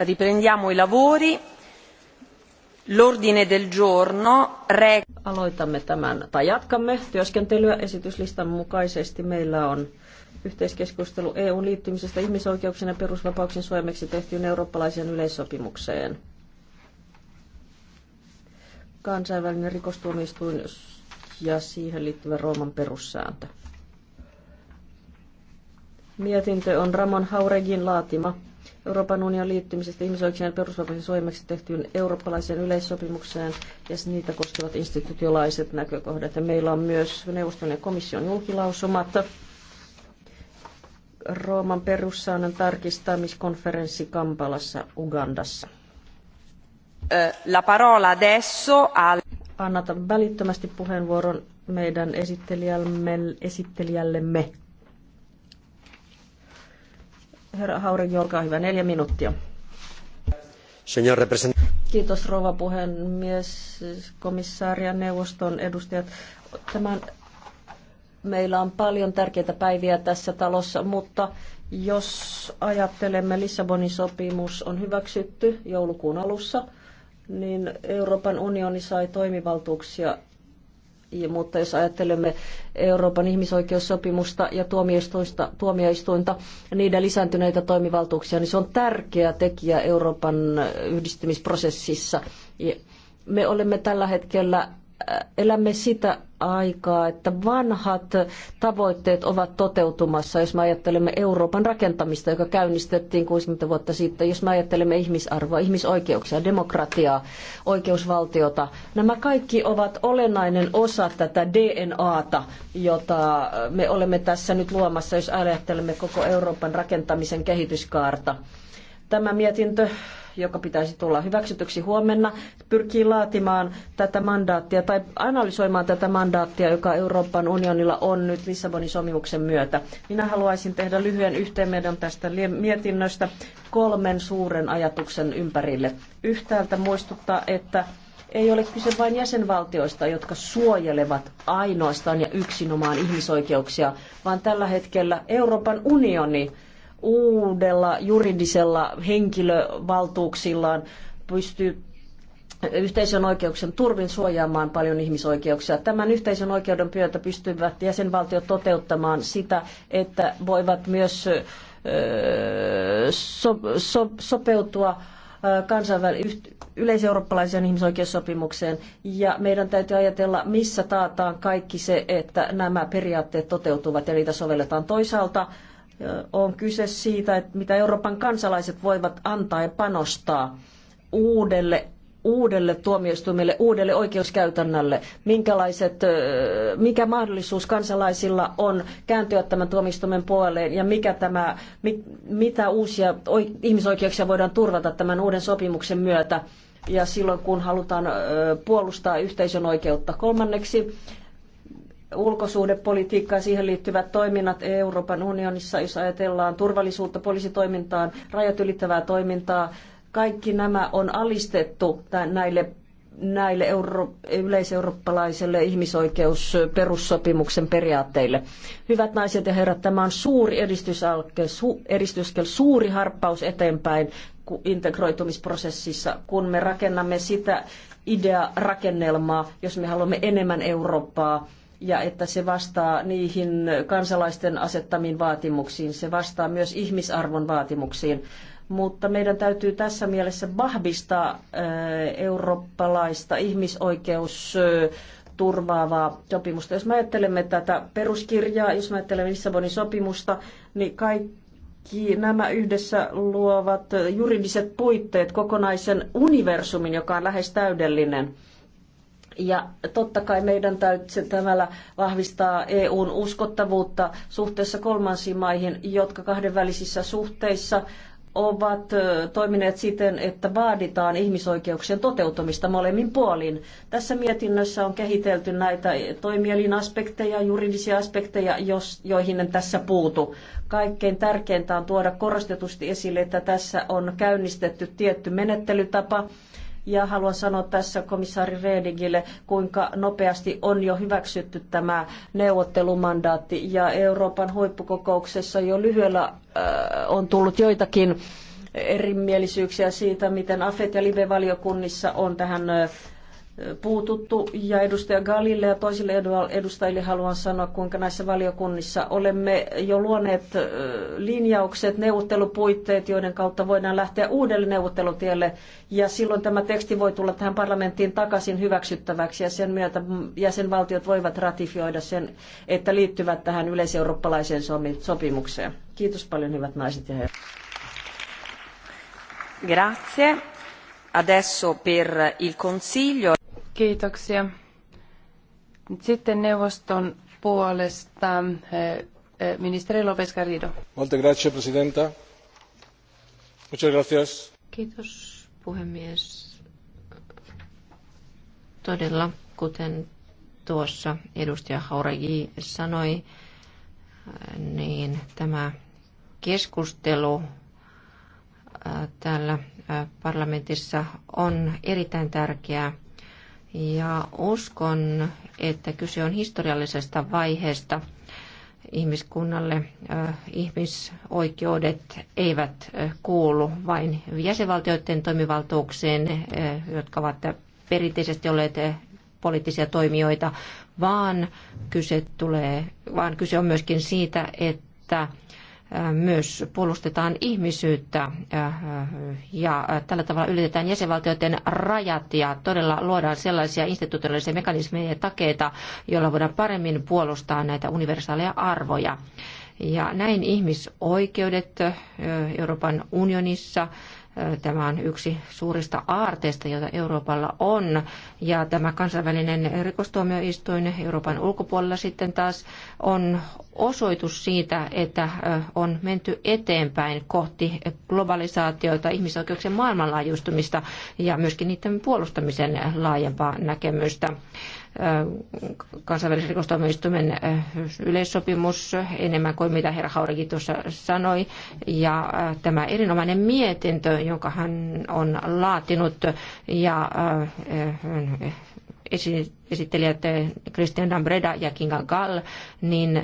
Riprendiamo i lavori. L'ordine del giorno re... Aloitamme tämän, tai jatkamme työskentelyä esityslistan mukaisesti. Meillä on yhteiskeskustelu EUn liittymisestä ihmisoikeuksien ja perusvapauksien suojameksi tehtyyn eurooppalaiseen yleissopimukseen. Kansainvälinen rikostuomioistuin ja siihen liittyvä Rooman perussääntö. Mietintö on Ramon Hauregin laatima Euroopan unionin liittymisestä ihmisoikeuksien ja perusvapauksien suojelmaksi tehtyyn eurooppalaiseen yleissopimukseen ja niitä koskevat institutiolaiset näkökohdat. Ja meillä on myös neuvoston ja komission julkilausumat. Rooman perussäännön tarkistamiskonferenssi Kampalassa, Ugandassa. La parola adesso al... Annatan välittömästi puheenvuoron meidän esittelijällemme. esittelijällemme. Herra Kiitos rouva puhemies, komissaari ja neuvoston edustajat. Tämän, meillä on paljon tärkeitä päiviä tässä talossa, mutta jos ajattelemme, Lissabonin sopimus on hyväksytty joulukuun alussa, niin Euroopan unioni sai toimivaltuuksia mutta jos ajattelemme Euroopan ihmisoikeussopimusta ja tuomioistuinta, tuomioistuinta ja niiden lisääntyneitä toimivaltuuksia, niin se on tärkeä tekijä Euroopan yhdistymisprosessissa. Me olemme tällä hetkellä elämme sitä aikaa, että vanhat tavoitteet ovat toteutumassa, jos me ajattelemme Euroopan rakentamista, joka käynnistettiin 60 vuotta sitten, jos me ajattelemme ihmisarvoa, ihmisoikeuksia, demokratiaa, oikeusvaltiota. Nämä kaikki ovat olennainen osa tätä DNAta, jota me olemme tässä nyt luomassa, jos ajattelemme koko Euroopan rakentamisen kehityskaarta. Tämä mietintö, joka pitäisi tulla hyväksytyksi huomenna, pyrkii laatimaan tätä mandaattia tai analysoimaan tätä mandaattia, joka Euroopan unionilla on nyt Lissabonin sopimuksen myötä. Minä haluaisin tehdä lyhyen yhteenvedon tästä mietinnöstä kolmen suuren ajatuksen ympärille. Yhtäältä muistuttaa, että ei ole kyse vain jäsenvaltioista, jotka suojelevat ainoastaan ja yksinomaan ihmisoikeuksia, vaan tällä hetkellä Euroopan unioni uudella juridisella henkilövaltuuksillaan pystyy yhteisön oikeuksien turvin suojaamaan paljon ihmisoikeuksia. Tämän yhteisön oikeuden pyötä pystyvät jäsenvaltiot toteuttamaan sitä, että voivat myös so, so, sopeutua kansainväliseen yleiseurooppalaiseen ihmisoikeussopimukseen. Ja meidän täytyy ajatella, missä taataan kaikki se, että nämä periaatteet toteutuvat ja niitä sovelletaan. Toisaalta on kyse siitä, että mitä Euroopan kansalaiset voivat antaa ja panostaa uudelle uudelle tuomioistuimelle, uudelle oikeuskäytännölle, minkälaiset, mikä mahdollisuus kansalaisilla on kääntyä tämän tuomioistuimen puoleen ja mikä tämä, mitä uusia ihmisoikeuksia voidaan turvata tämän uuden sopimuksen myötä ja silloin kun halutaan puolustaa yhteisön oikeutta. Kolmanneksi ulkosuhdepolitiikka ja siihen liittyvät toiminnat Euroopan unionissa, jos ajatellaan turvallisuutta, poliisitoimintaa, rajat ylittävää toimintaa, kaikki nämä on alistettu näille näille euro- yleiseurooppalaiselle ihmisoikeusperussopimuksen periaatteille. Hyvät naiset ja herrat, tämä on suuri edistysaskel, su- edistyskel suuri harppaus eteenpäin integroitumisprosessissa, kun me rakennamme sitä idea rakennelmaa jos me haluamme enemmän Eurooppaa, ja että se vastaa niihin kansalaisten asettamiin vaatimuksiin. Se vastaa myös ihmisarvon vaatimuksiin. Mutta meidän täytyy tässä mielessä vahvistaa äh, eurooppalaista ihmisoikeus turvaavaa sopimusta. Jos me ajattelemme tätä peruskirjaa, jos me ajattelemme Lissabonin sopimusta, niin kaikki nämä yhdessä luovat juridiset puitteet kokonaisen universumin, joka on lähes täydellinen – ja totta kai meidän täytyy tämällä vahvistaa EUn uskottavuutta suhteessa kolmansiin maihin, jotka kahdenvälisissä suhteissa ovat toimineet siten, että vaaditaan ihmisoikeuksien toteutumista molemmin puolin. Tässä mietinnössä on kehitelty näitä toimielinaspekteja, juridisia aspekteja, jos, joihin en tässä puutu. Kaikkein tärkeintä on tuoda korostetusti esille, että tässä on käynnistetty tietty menettelytapa, ja haluan sanoa tässä komissaari Redingille, kuinka nopeasti on jo hyväksytty tämä neuvottelumandaatti. Ja Euroopan huippukokouksessa jo lyhyellä äh, on tullut joitakin erimielisyyksiä siitä, miten AFET ja LIBE-valiokunnissa on tähän äh, puututtu ja edustaja Galille ja toisille edustajille haluan sanoa, kuinka näissä valiokunnissa olemme jo luoneet linjaukset, neuvottelupuitteet, joiden kautta voidaan lähteä uudelle neuvottelutielle ja silloin tämä teksti voi tulla tähän parlamenttiin takaisin hyväksyttäväksi ja sen myötä jäsenvaltiot voivat ratifioida sen, että liittyvät tähän yleiseurooppalaiseen sopimukseen. Kiitos paljon hyvät naiset ja herrat. Grazie. Adesso per il Consiglio. Kiitoksia. Sitten neuvoston puolesta eh, eh, ministeri López Garrido. grazie, Kiitos, puhemies. Todella, kuten tuossa edustaja Hauregi sanoi, niin tämä keskustelu eh, täällä parlamentissa on erittäin tärkeää ja uskon, että kyse on historiallisesta vaiheesta ihmiskunnalle. Ihmisoikeudet eivät kuulu vain jäsenvaltioiden toimivaltuuksiin, jotka ovat perinteisesti olleet poliittisia toimijoita, vaan kyse, tulee, vaan kyse on myöskin siitä, että myös puolustetaan ihmisyyttä ja tällä tavalla ylitetään jäsenvaltioiden rajat ja todella luodaan sellaisia institutionaalisia mekanismeja ja takeita, joilla voidaan paremmin puolustaa näitä universaaleja arvoja. Ja näin ihmisoikeudet Euroopan unionissa Tämä on yksi suurista aarteista, joita Euroopalla on. Ja tämä kansainvälinen rikostuomioistuin Euroopan ulkopuolella sitten taas on osoitus siitä, että on menty eteenpäin kohti globalisaatioita, ihmisoikeuksien maailmanlaajuistumista ja myöskin niiden puolustamisen laajempaa näkemystä kansainvälisen rikostuomioistuimen yleissopimus enemmän kuin mitä herra Haurikin tuossa sanoi. Ja tämä erinomainen mietintö, jonka hän on laatinut ja esittelijät Christian Dambreda ja Kinga Gall, niin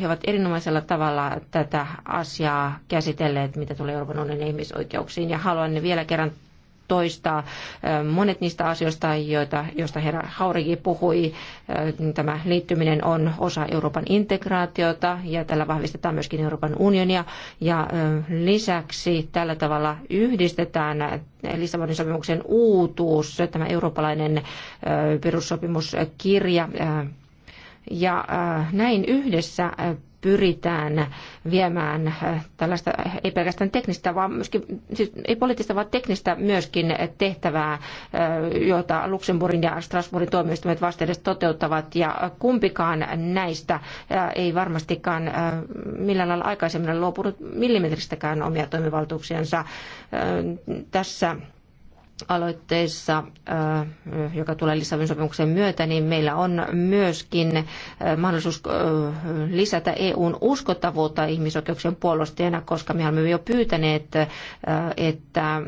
he ovat erinomaisella tavalla tätä asiaa käsitelleet, mitä tulee Euroopan unionin ihmisoikeuksiin. Ja haluan vielä kerran toistaa monet niistä asioista, joita, joista herra Haurigi puhui. Tämä liittyminen on osa Euroopan integraatiota ja tällä vahvistetaan myöskin Euroopan unionia. Ja lisäksi tällä tavalla yhdistetään Lissabonin sopimuksen uutuus, tämä eurooppalainen perussopimuskirja ja näin yhdessä pyritään viemään äh, tällaista äh, ei pelkästään teknistä, vaan myöskin, siis ei poliittista, vaan teknistä myöskin tehtävää, äh, jota Luxemburgin ja Strasbourgin tuomioistuimet vastedes toteuttavat. Ja kumpikaan näistä ei varmastikaan millään lailla aikaisemmin luopunut millimetristäkään omia toimivaltuuksiansa tässä aloitteissa, äh, joka tulee Lissabonin sopimuksen myötä, niin meillä on myöskin äh, mahdollisuus äh, lisätä EUn uskottavuutta ihmisoikeuksien puolustajana, koska me olemme jo pyytäneet, että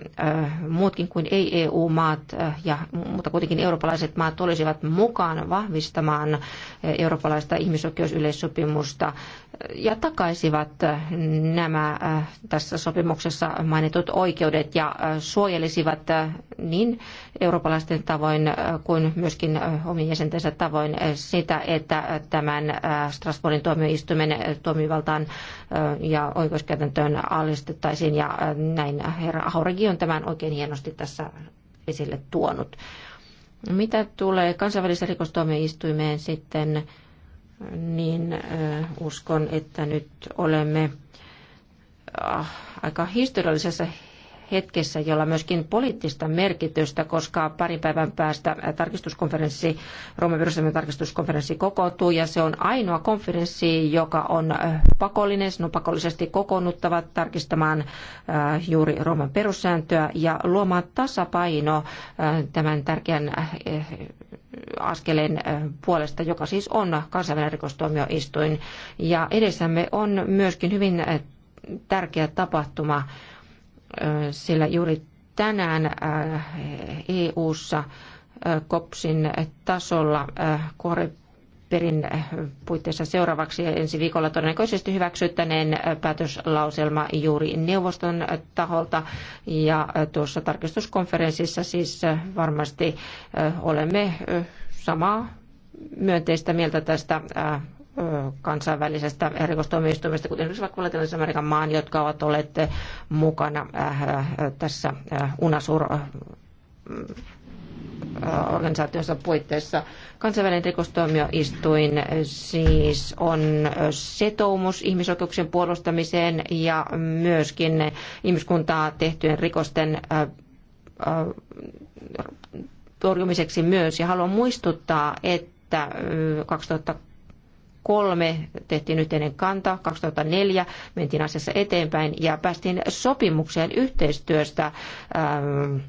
muutkin kuin ei-EU-maat ja mutta kuitenkin eurooppalaiset maat olisivat mukaan vahvistamaan eurooppalaista ihmisoikeusyleissopimusta ja takaisivat nämä äh, tässä sopimuksessa mainitut oikeudet ja äh, suojelisivat äh, niin eurooppalaisten tavoin kuin myöskin omien jäsentensä tavoin sitä, että tämän Strasbourgin tuomioistuimen toimivaltaan ja oikeuskäytäntöön alistettaisiin ja näin herra Hauregi on tämän oikein hienosti tässä esille tuonut. Mitä tulee kansainväliseen rikostuomioistuimeen sitten, niin uskon, että nyt olemme äh, aika historiallisessa hetkessä, jolla myöskin poliittista merkitystä, koska pari päivän päästä tarkistuskonferenssi, Rooman Jerusalemin tarkistuskonferenssi kokoontuu ja se on ainoa konferenssi, joka on äh, pakollinen. sinun pakollisesti kokoonnuttava tarkistamaan äh, juuri Rooman perussääntöä ja luomaan tasapaino äh, tämän tärkeän askeleen puolesta, joka siis on kansainvälinen rikostuomioistuin. Ja edessämme on myöskin hyvin tärkeä tapahtuma, sillä juuri tänään EU-ssa COPSin tasolla Koreperin puitteissa seuraavaksi ja ensi viikolla todennäköisesti hyväksyttäneen päätöslauselma juuri neuvoston taholta. Ja tuossa tarkistuskonferenssissa siis varmasti olemme samaa myönteistä mieltä tästä kansainvälisestä rikostuomioistuimesta, kuten esimerkiksi vaikka Latinalaisen Amerikan maan, jotka ovat olleet mukana äh, äh, tässä äh, UNASUR organisaationsa puitteissa. Kansainvälinen rikostoimioistuin siis on setoumus ihmisoikeuksien puolustamiseen ja myöskin ihmiskuntaa tehtyjen rikosten torjumiseksi myös. Ja haluan muistuttaa, että 2000 2003 tehtiin yhteinen kanta, 2004 mentiin asiassa eteenpäin ja päästiin sopimukseen yhteistyöstä ähm, äh,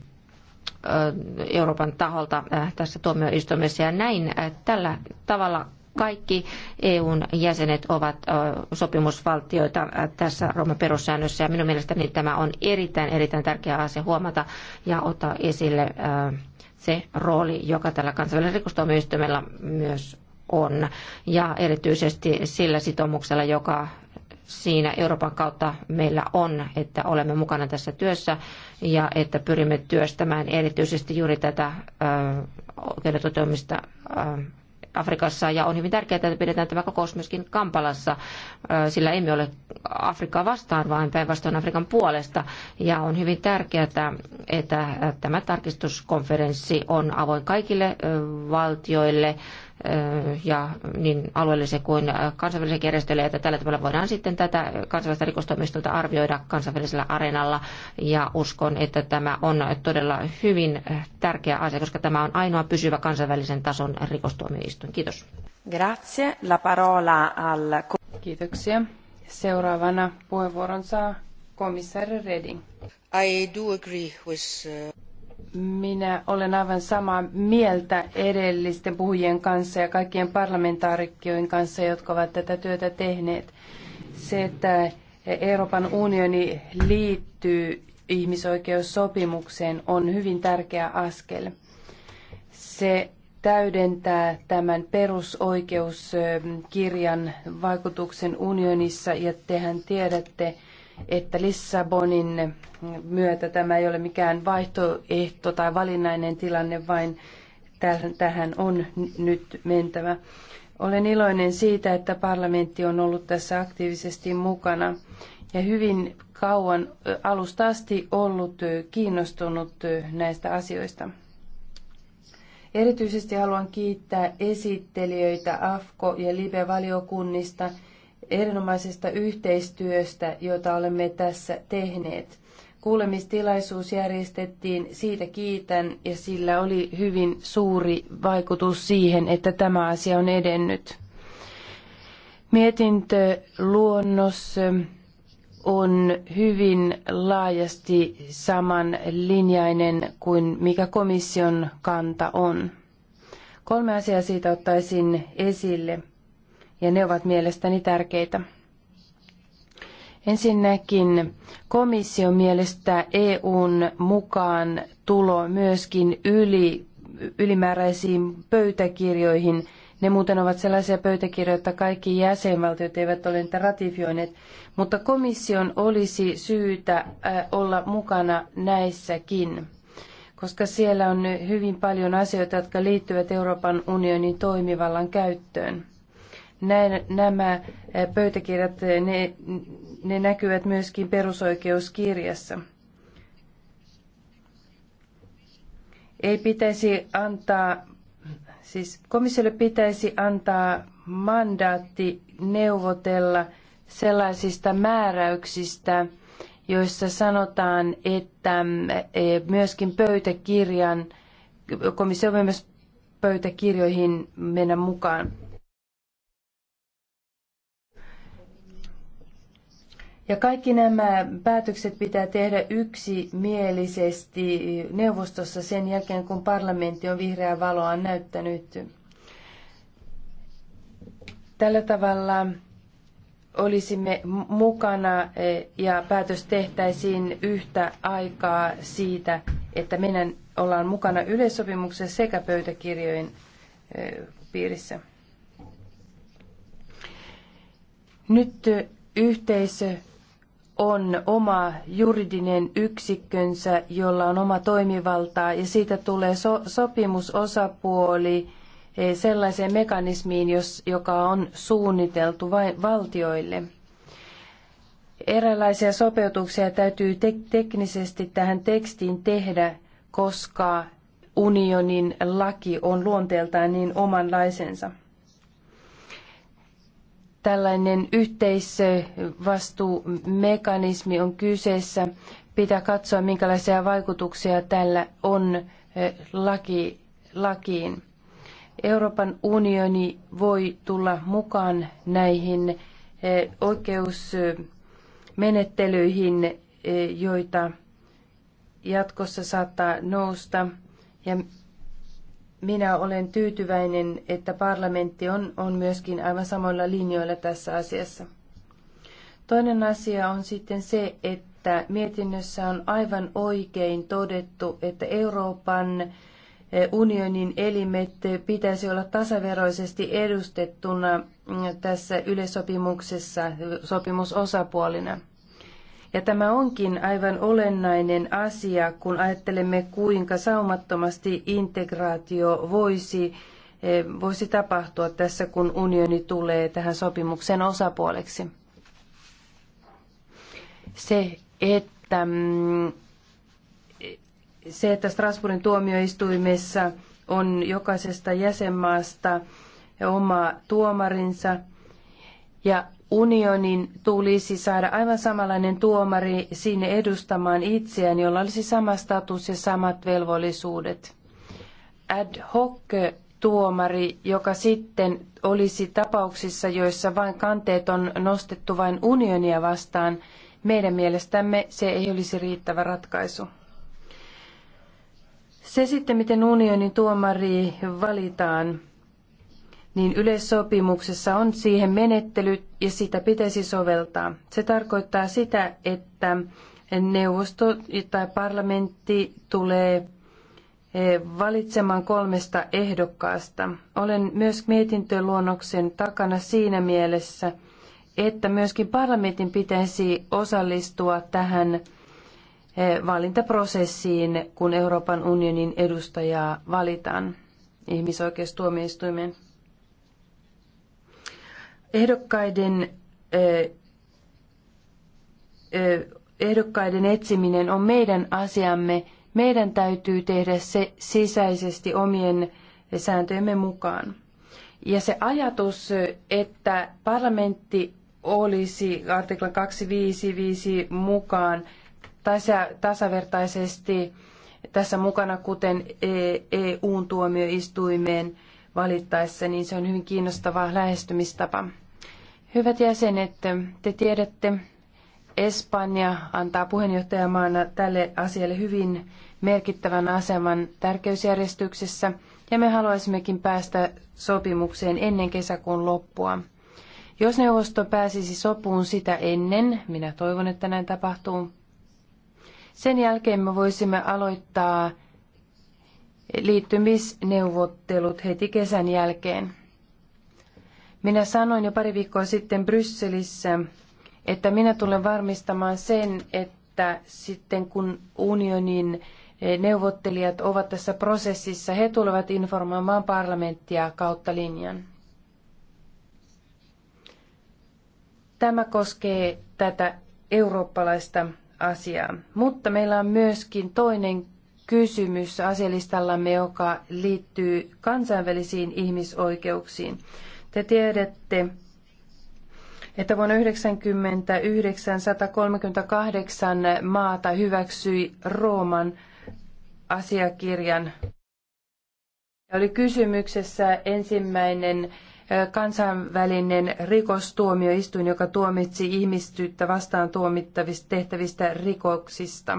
Euroopan taholta äh, tässä tuomioistuimessa ja näin äh, tällä tavalla kaikki EUn jäsenet ovat sopimusvaltioita tässä Rooman perussäännössä ja minun mielestäni tämä on erittäin, erittäin tärkeä asia huomata ja ottaa esille se rooli, joka tällä kansainvälisellä rikostuomioistuimella myös on. Ja erityisesti sillä sitoumuksella, joka siinä Euroopan kautta meillä on, että olemme mukana tässä työssä ja että pyrimme työstämään erityisesti juuri tätä oikeuden toteutumista Afrikassa ja on hyvin tärkeää, että pidetään tämä kokous myöskin Kampalassa, sillä emme ole Afrikkaa vastaan, vaan päinvastoin Afrikan puolesta. Ja on hyvin tärkeää, että tämä tarkistuskonferenssi on avoin kaikille valtioille ja niin alueellisen kuin kansainvälisen järjestöille, että tällä tavalla voidaan sitten tätä kansainvälistä rikostoimistonta arvioida kansainvälisellä areenalla ja uskon, että tämä on todella hyvin tärkeä asia, koska tämä on ainoa pysyvä kansainvälisen tason rikostuomioistuin. Kiitos. Grazie. La parola al... Kiitoksia. Seuraavana puheenvuoron saa komissaari Reding. I do agree with... Uh, minä olen aivan samaa mieltä edellisten puhujien kanssa ja kaikkien parlamentaarikkojen kanssa, jotka ovat tätä työtä tehneet. Se, että Euroopan unioni liittyy ihmisoikeussopimukseen, on hyvin tärkeä askel. Se täydentää tämän perusoikeuskirjan vaikutuksen unionissa ja tehän tiedätte, että Lissabonin myötä tämä ei ole mikään vaihtoehto tai valinnainen tilanne, vain tähän on nyt mentävä. Olen iloinen siitä, että parlamentti on ollut tässä aktiivisesti mukana ja hyvin kauan alusta asti ollut kiinnostunut näistä asioista. Erityisesti haluan kiittää esittelijöitä AFKO- ja LIBE-valiokunnista – erinomaisesta yhteistyöstä, jota olemme tässä tehneet. Kuulemistilaisuus järjestettiin, siitä kiitän ja sillä oli hyvin suuri vaikutus siihen, että tämä asia on edennyt. Mietintöluonnos ähm, on hyvin laajasti samanlinjainen kuin mikä komission kanta on. Kolme asiaa siitä ottaisin esille ja ne ovat mielestäni tärkeitä. Ensinnäkin komission mielestä EUn mukaan tulo myöskin yli, ylimääräisiin pöytäkirjoihin. Ne muuten ovat sellaisia pöytäkirjoja, että kaikki jäsenvaltiot eivät ole niitä ratifioineet, mutta komission olisi syytä äh, olla mukana näissäkin, koska siellä on hyvin paljon asioita, jotka liittyvät Euroopan unionin toimivallan käyttöön. Näin nämä pöytäkirjat, ne, ne näkyvät myöskin perusoikeuskirjassa. Ei pitäisi antaa, siis komissiolle pitäisi antaa mandaatti neuvotella sellaisista määräyksistä, joissa sanotaan, että myöskin pöytäkirjan, komissio voi myös pöytäkirjoihin mennä mukaan. Ja kaikki nämä päätökset pitää tehdä yksimielisesti neuvostossa sen jälkeen, kun parlamentti on vihreää valoa näyttänyt. Tällä tavalla olisimme mukana eh, ja päätös tehtäisiin yhtä aikaa siitä, että meidän ollaan mukana yleissopimuksessa sekä pöytäkirjojen eh, piirissä. Nyt eh, yhteisö on oma juridinen yksikkönsä, jolla on oma toimivaltaa ja siitä tulee so- sopimusosapuoli eh, sellaiseen mekanismiin, jos, joka on suunniteltu vain valtioille. Erilaisia sopeutuksia täytyy te- teknisesti tähän tekstiin tehdä, koska unionin laki on luonteeltaan niin omanlaisensa tällainen yhteisvastuumekanismi on kyseessä. Pitää katsoa, minkälaisia vaikutuksia tällä on eh, laki, lakiin. Euroopan unioni voi tulla mukaan näihin eh, oikeusmenettelyihin, eh, joita jatkossa saattaa nousta. Ja minä olen tyytyväinen, että parlamentti on, on myöskin aivan samoilla linjoilla tässä asiassa. Toinen asia on sitten se, että mietinnössä on aivan oikein todettu, että Euroopan eh, unionin elimet pitäisi olla tasaveroisesti edustettuna mm, tässä yleissopimuksessa sopimusosapuolina. Ja tämä onkin aivan olennainen asia, kun ajattelemme, kuinka saumattomasti integraatio voisi, eh, voisi tapahtua tässä, kun unioni tulee tähän sopimuksen osapuoleksi. Se, että, mm, se, että Strasbourgin tuomioistuimessa on jokaisesta jäsenmaasta oma tuomarinsa, ja unionin tulisi saada aivan samanlainen tuomari sinne edustamaan itseään, jolla olisi sama status ja samat velvollisuudet. Ad hoc tuomari, joka sitten olisi tapauksissa, joissa vain kanteet on nostettu vain unionia vastaan, meidän mielestämme se ei olisi riittävä ratkaisu. Se sitten, miten unionin tuomari valitaan, niin yleissopimuksessa on siihen menettely ja sitä pitäisi soveltaa. Se tarkoittaa sitä, että neuvosto tai parlamentti tulee eh, valitsemaan kolmesta ehdokkaasta. Olen myös mietintöluonnoksen takana siinä mielessä, että myöskin parlamentin pitäisi osallistua tähän eh, valintaprosessiin, kun Euroopan unionin edustajaa valitaan ihmisoikeustuomioistuimeen. Ehdokkaiden, ehdokkaiden etsiminen on meidän asiamme. Meidän täytyy tehdä se sisäisesti omien sääntöjemme mukaan. Ja se ajatus, että parlamentti olisi artiklan 255 mukaan tasa, tasavertaisesti tässä mukana, kuten eu e tuomioistuimeen valittaessa, niin se on hyvin kiinnostava lähestymistapa. Hyvät jäsenet, te tiedätte, Espanja antaa puheenjohtajamaana tälle asialle hyvin merkittävän aseman tärkeysjärjestyksessä ja me haluaisimmekin päästä sopimukseen ennen kesäkuun loppua. Jos neuvosto pääsisi sopuun sitä ennen, minä toivon, että näin tapahtuu, sen jälkeen me voisimme aloittaa liittymisneuvottelut heti kesän jälkeen. Minä sanoin jo pari viikkoa sitten Brysselissä, että minä tulen varmistamaan sen, että sitten kun unionin eh, neuvottelijat ovat tässä prosessissa, he tulevat informoimaan parlamenttia kautta linjan. Tämä koskee tätä eurooppalaista asiaa. Mutta meillä on myöskin toinen kysymys asialistallamme, joka liittyy kansainvälisiin ihmisoikeuksiin. Te tiedätte, että vuonna 1939 138 maata hyväksyi Rooman asiakirjan. Ja oli kysymyksessä ensimmäinen kansainvälinen rikostuomioistuin, joka tuomitsi ihmistyyttä vastaan tuomittavista tehtävistä rikoksista.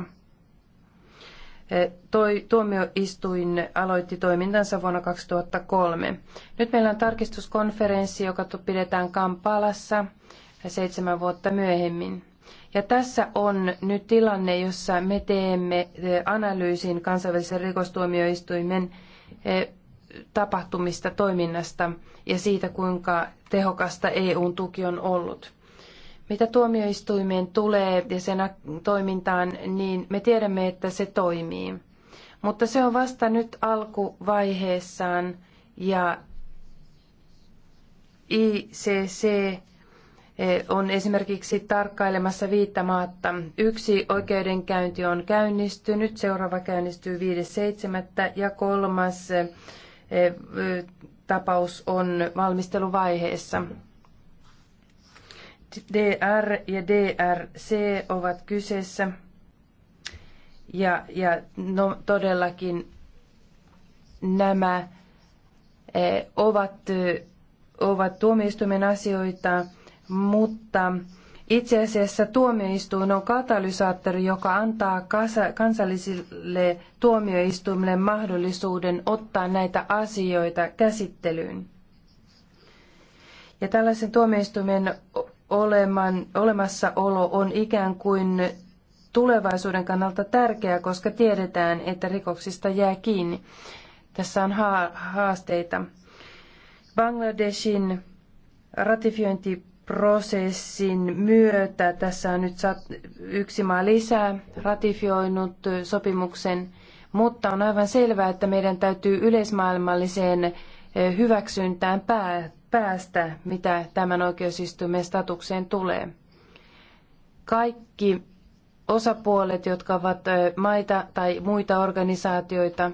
Eh, toi, tuomioistuin aloitti toimintansa vuonna 2003. Nyt meillä on tarkistuskonferenssi, joka pidetään Kampalassa seitsemän vuotta myöhemmin. Ja tässä on nyt tilanne, jossa me teemme eh, analyysin kansainvälisen rikostuomioistuimen eh, tapahtumista, toiminnasta ja siitä, kuinka tehokasta EUn tuki on ollut. Mitä tuomioistuimeen tulee ja sen toimintaan, niin me tiedämme, että se toimii. Mutta se on vasta nyt alkuvaiheessaan ja ICC eh, on esimerkiksi tarkkailemassa viittamaatta. Yksi oikeudenkäynti on käynnistynyt, seuraava käynnistyy 5.7. ja kolmas eh, eh, tapaus on valmisteluvaiheessa. DR ja DRC ovat kyseessä. Ja, ja no, todellakin nämä eh, ovat, eh, ovat tuomioistuimen asioita, mutta itse asiassa tuomioistuin on katalysaattori, joka antaa kansallisille tuomioistuimille mahdollisuuden ottaa näitä asioita käsittelyyn. Ja tällaisen tuomioistuimen oleman, olemassaolo on ikään kuin tulevaisuuden kannalta tärkeää, koska tiedetään, että rikoksista jää kiinni. Tässä on haasteita. Bangladeshin ratifiointiprosessin myötä tässä on nyt yksi maa lisää ratifioinut sopimuksen, mutta on aivan selvää, että meidän täytyy yleismaailmalliseen eh, hyväksyntään pää, päästä, mitä tämän oikeusistuimen statukseen tulee. Kaikki osapuolet, jotka ovat maita tai muita organisaatioita,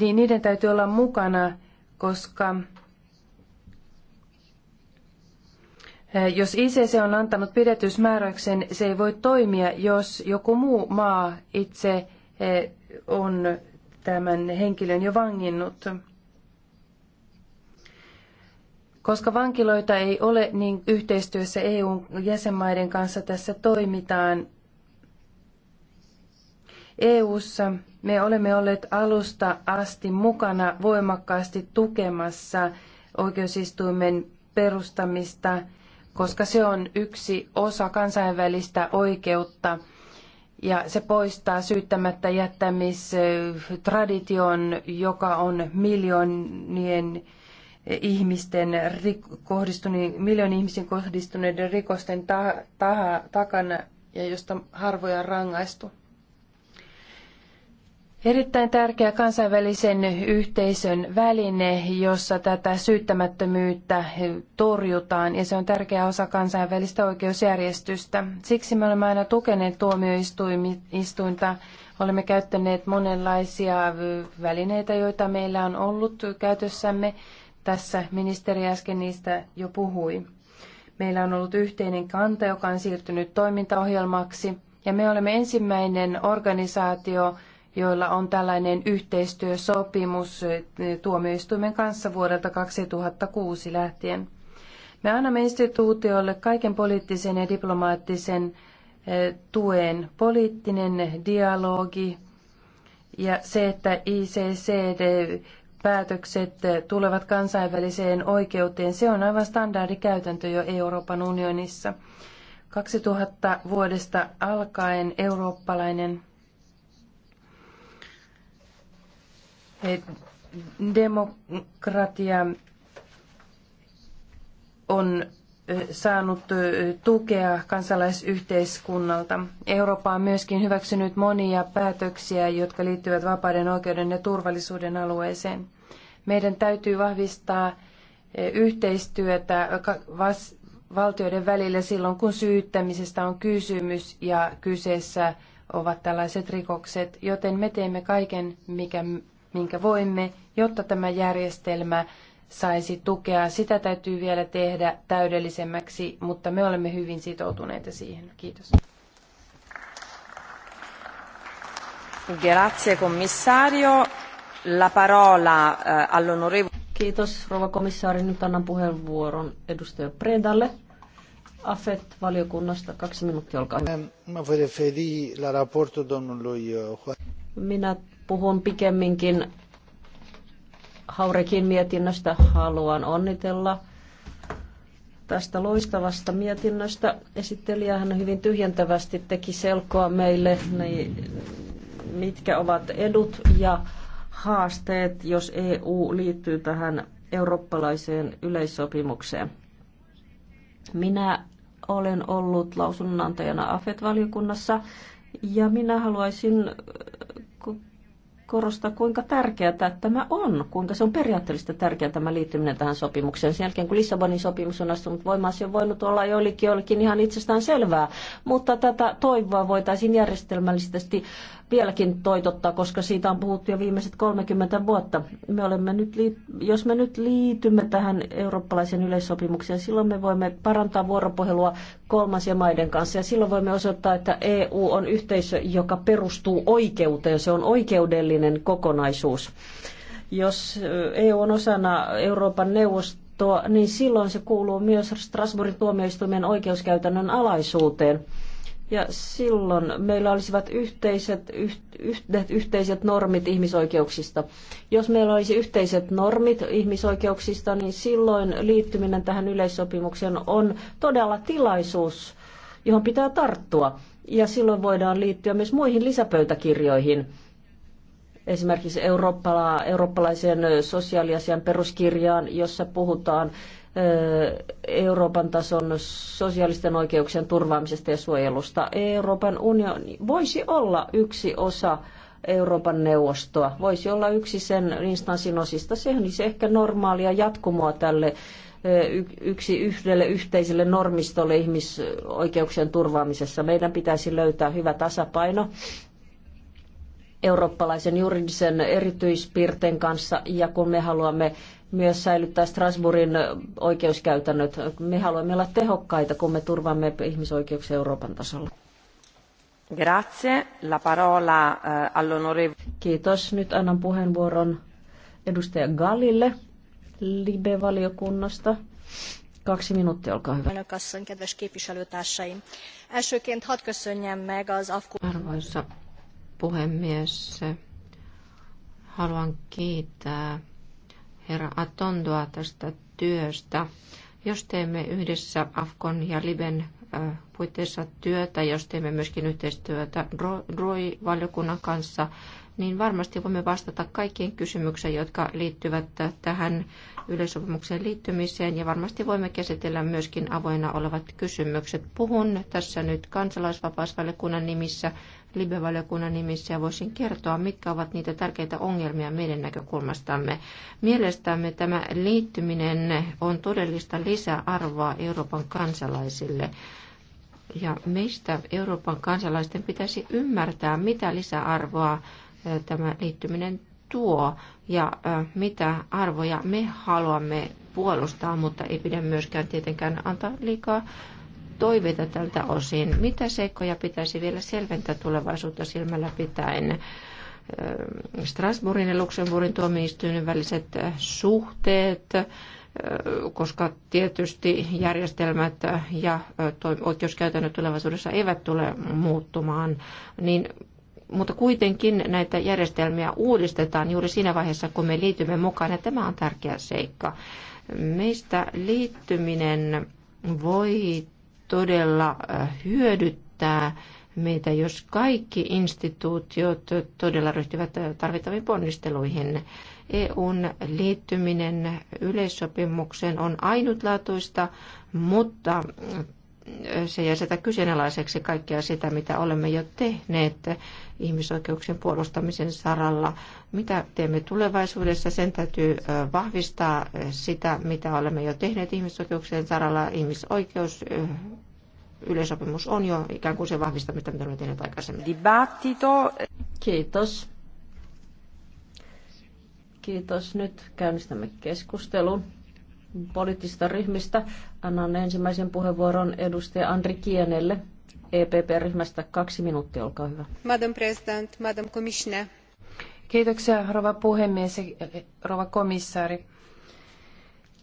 niin niiden täytyy olla mukana, koska jos ICC on antanut pidetysmääräyksen, se ei voi toimia, jos joku muu maa itse on tämän henkilön jo vanginnut. Koska vankiloita ei ole, niin yhteistyössä EUn jäsenmaiden kanssa tässä toimitaan. EUssa me olemme olleet alusta asti mukana voimakkaasti tukemassa oikeusistuimen perustamista, koska se on yksi osa kansainvälistä oikeutta ja se poistaa syyttämättä jättämistradition, joka on miljoonien ihmisten, miljoonien ihmisiin kohdistuneiden rikosten ta, ta, takana ja josta harvoja on rangaistu. Erittäin tärkeä kansainvälisen yhteisön väline, jossa tätä syyttämättömyyttä torjutaan, ja se on tärkeä osa kansainvälistä oikeusjärjestystä. Siksi me olemme aina tukeneet tuomioistuinta, olemme käyttäneet monenlaisia välineitä, joita meillä on ollut käytössämme, tässä ministeri äsken niistä jo puhui. Meillä on ollut yhteinen kanta, joka on siirtynyt toimintaohjelmaksi, ja me olemme ensimmäinen organisaatio, joilla on tällainen yhteistyösopimus tuomioistuimen kanssa vuodelta 2006 lähtien. Me annamme instituutiolle kaiken poliittisen ja diplomaattisen eh, tuen, poliittinen dialogi ja se, että ICCD päätökset tulevat kansainväliseen oikeuteen. Se on aivan standardikäytäntö jo Euroopan unionissa. 2000 vuodesta alkaen eurooppalainen eh, demokratia on saanut tukea kansalaisyhteiskunnalta. Eurooppa on myöskin hyväksynyt monia päätöksiä, jotka liittyvät vapauden, oikeuden ja turvallisuuden alueeseen. Meidän täytyy vahvistaa yhteistyötä valtioiden välillä silloin, kun syyttämisestä on kysymys ja kyseessä ovat tällaiset rikokset, joten me teemme kaiken, mikä, minkä voimme, jotta tämä järjestelmä saisi tukea. Sitä täytyy vielä tehdä täydellisemmäksi, mutta me olemme hyvin sitoutuneita siihen. Kiitos. Grazie commissario. La parola eh, all'onorevole. Kiitos rouva komissaari. Nyt annan puheenvuoron edustaja Predalle. AFET-valiokunnasta kaksi minuuttia, olkaa hyvä. Eh, Minä puhun pikemminkin Haurekin mietinnöstä haluan onnitella tästä loistavasta mietinnöstä. Esittelijähän hyvin tyhjentävästi teki selkoa meille, niin mitkä ovat edut ja haasteet, jos EU liittyy tähän eurooppalaiseen yleissopimukseen. Minä olen ollut lausunnonantajana AFET-valiokunnassa ja minä haluaisin korostaa, kuinka tärkeää tämä on, kuinka se on periaatteellisesti tärkeää tämä liittyminen tähän sopimukseen. Sen jälkeen, kun Lissabonin sopimus on astunut voimaan, se on voinut olla joillekin, joillekin ihan itsestään selvää, mutta tätä toivoa voitaisiin järjestelmällisesti vieläkin toitottaa, koska siitä on puhuttu jo viimeiset 30 vuotta. Me olemme nyt, jos me nyt liitymme tähän eurooppalaisen yleissopimukseen, silloin me voimme parantaa vuoropuhelua kolmansien maiden kanssa ja silloin voimme osoittaa, että EU on yhteisö, joka perustuu oikeuteen. Se on oikeudellinen kokonaisuus. Jos EU on osana Euroopan neuvostoa, niin silloin se kuuluu myös Strasbourgin tuomioistuimen oikeuskäytännön alaisuuteen. Ja silloin meillä olisivat yhteiset, yhteiset, yhteiset normit ihmisoikeuksista. Jos meillä olisi yhteiset normit ihmisoikeuksista, niin silloin liittyminen tähän yleissopimukseen on todella tilaisuus, johon pitää tarttua. Ja silloin voidaan liittyä myös muihin lisäpöytäkirjoihin, esimerkiksi eurooppalaiseen sosiaaliasian peruskirjaan, jossa puhutaan Euroopan tason sosiaalisten oikeuksien turvaamisesta ja suojelusta. Euroopan unioni voisi olla yksi osa Euroopan neuvostoa, voisi olla yksi sen instanssin osista. Se olisi ehkä normaalia jatkumoa tälle yksi yhdelle yhteiselle normistolle ihmisoikeuksien turvaamisessa. Meidän pitäisi löytää hyvä tasapaino eurooppalaisen juridisen erityispiirteen kanssa ja kun me haluamme myös säilyttää Strasbourgin oikeuskäytännöt. Me haluamme olla tehokkaita, kun me turvaamme ihmisoikeuksia Euroopan tasolla. Grazie. La parola eh, all'onorevole. Kiitos. Nyt annan puheenvuoron edustaja Gallille Libe-valiokunnasta. Kaksi minuuttia, olkaa hyvä. Elnök kedves képviselőtársaim! Elsőként hadd köszönjem meg az AFKU... Arvoisa puhemies, haluan kiittää herra Atondoa tästä työstä. Jos teemme yhdessä Afkon ja Liben puitteissa työtä, jos teemme myöskin yhteistyötä ROI-valiokunnan kanssa, niin varmasti voimme vastata kaikkiin kysymyksiin, jotka liittyvät tähän yleisopimukseen liittymiseen, ja varmasti voimme käsitellä myöskin avoinna olevat kysymykset. Puhun tässä nyt kansalaisvapausvaliokunnan nimissä, Libevaliokunnan nimissä ja voisin kertoa, mitkä ovat niitä tärkeitä ongelmia meidän näkökulmastamme. Mielestämme tämä liittyminen on todellista lisäarvoa Euroopan kansalaisille. Ja meistä Euroopan kansalaisten pitäisi ymmärtää, mitä lisäarvoa tämä liittyminen tuo ja mitä arvoja me haluamme puolustaa, mutta ei pidä myöskään tietenkään antaa liikaa toiveita tältä osin. Mitä seikkoja pitäisi vielä selventää tulevaisuutta silmällä pitäen? Strasbourgin ja Luxemburgin tuomioistuimen väliset suhteet, koska tietysti järjestelmät ja oikeuskäytännöt tulevaisuudessa eivät tule muuttumaan, niin mutta kuitenkin näitä järjestelmiä uudistetaan juuri siinä vaiheessa, kun me liitymme mukaan, ja tämä on tärkeä seikka. Meistä liittyminen voi todella äh, hyödyttää meitä, jos kaikki instituutiot todella ryhtyvät äh, tarvittaviin ponnisteluihin. EUn liittyminen yleissopimukseen on ainutlaatuista, mutta se ei asetä kyseenalaiseksi kaikkea sitä, mitä olemme jo tehneet ihmisoikeuksien puolustamisen saralla. Mitä teemme tulevaisuudessa, sen täytyy vahvistaa sitä, mitä olemme jo tehneet ihmisoikeuksien saralla. Ihmisoikeus yleisopimus on jo ikään kuin se vahvistamista, mitä olemme tehneet aikaisemmin. Dibattito. Kiitos. Kiitos. Nyt käynnistämme keskustelun poliittisista ryhmistä. Annan ensimmäisen puheenvuoron edustaja Andri Kienelle EPP-ryhmästä. Kaksi minuuttia, olkaa hyvä. Madam President, Madam Commissioner. Kiitoksia, rouva puhemies ja rouva komissaari.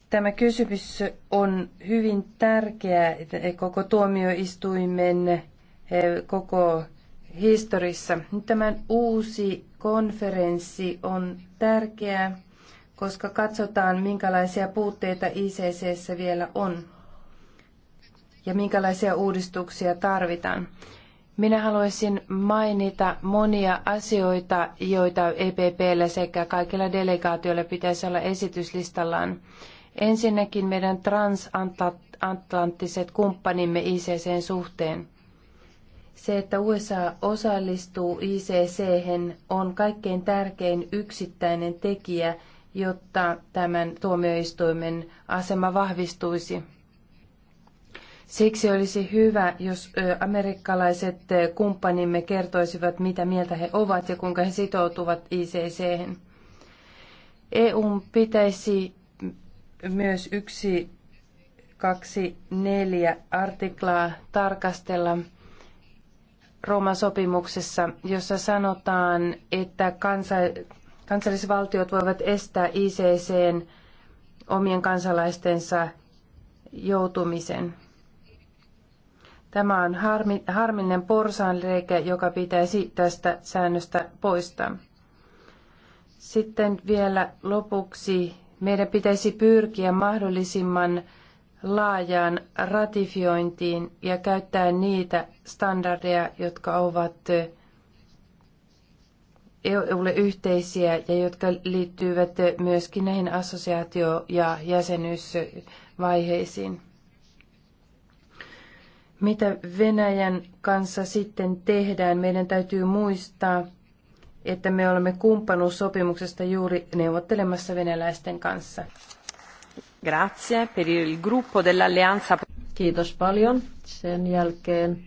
Tämä kysymys on hyvin tärkeä koko tuomioistuimen eh, koko historiassa. Tämän uusi konferenssi on tärkeä koska katsotaan, minkälaisia puutteita ICCssä vielä on ja minkälaisia uudistuksia tarvitaan. Minä haluaisin mainita monia asioita, joita EPPllä sekä kaikilla delegaatioilla pitäisi olla esityslistallaan. Ensinnäkin meidän transatlanttiset kumppanimme ICCn suhteen. Se, että USA osallistuu ICC on kaikkein tärkein yksittäinen tekijä, jotta tämän tuomioistuimen asema vahvistuisi. Siksi olisi hyvä, jos amerikkalaiset kumppanimme kertoisivat, mitä mieltä he ovat ja kuinka he sitoutuvat ICC. -hän. E pitäisi myös yksi, kaksi, neljä artiklaa tarkastella Rooman sopimuksessa, jossa sanotaan, että kansa, Kansallisvaltiot voivat estää ICCn omien kansalaistensa joutumisen. Tämä on harmi, harmillinen porsaanreikä, joka pitäisi tästä säännöstä poistaa. Sitten vielä lopuksi meidän pitäisi pyrkiä mahdollisimman laajaan ratifiointiin ja käyttää niitä standardeja, jotka ovat EUlle yhteisiä ja jotka liittyvät myöskin näihin assosiaatio- ja jäsenyysvaiheisiin. Mitä Venäjän kanssa sitten tehdään? Meidän täytyy muistaa, että me olemme kumppanuussopimuksesta juuri neuvottelemassa venäläisten kanssa. Grazie per il gruppo dell'alleanza. Kiitos paljon. Sen jälkeen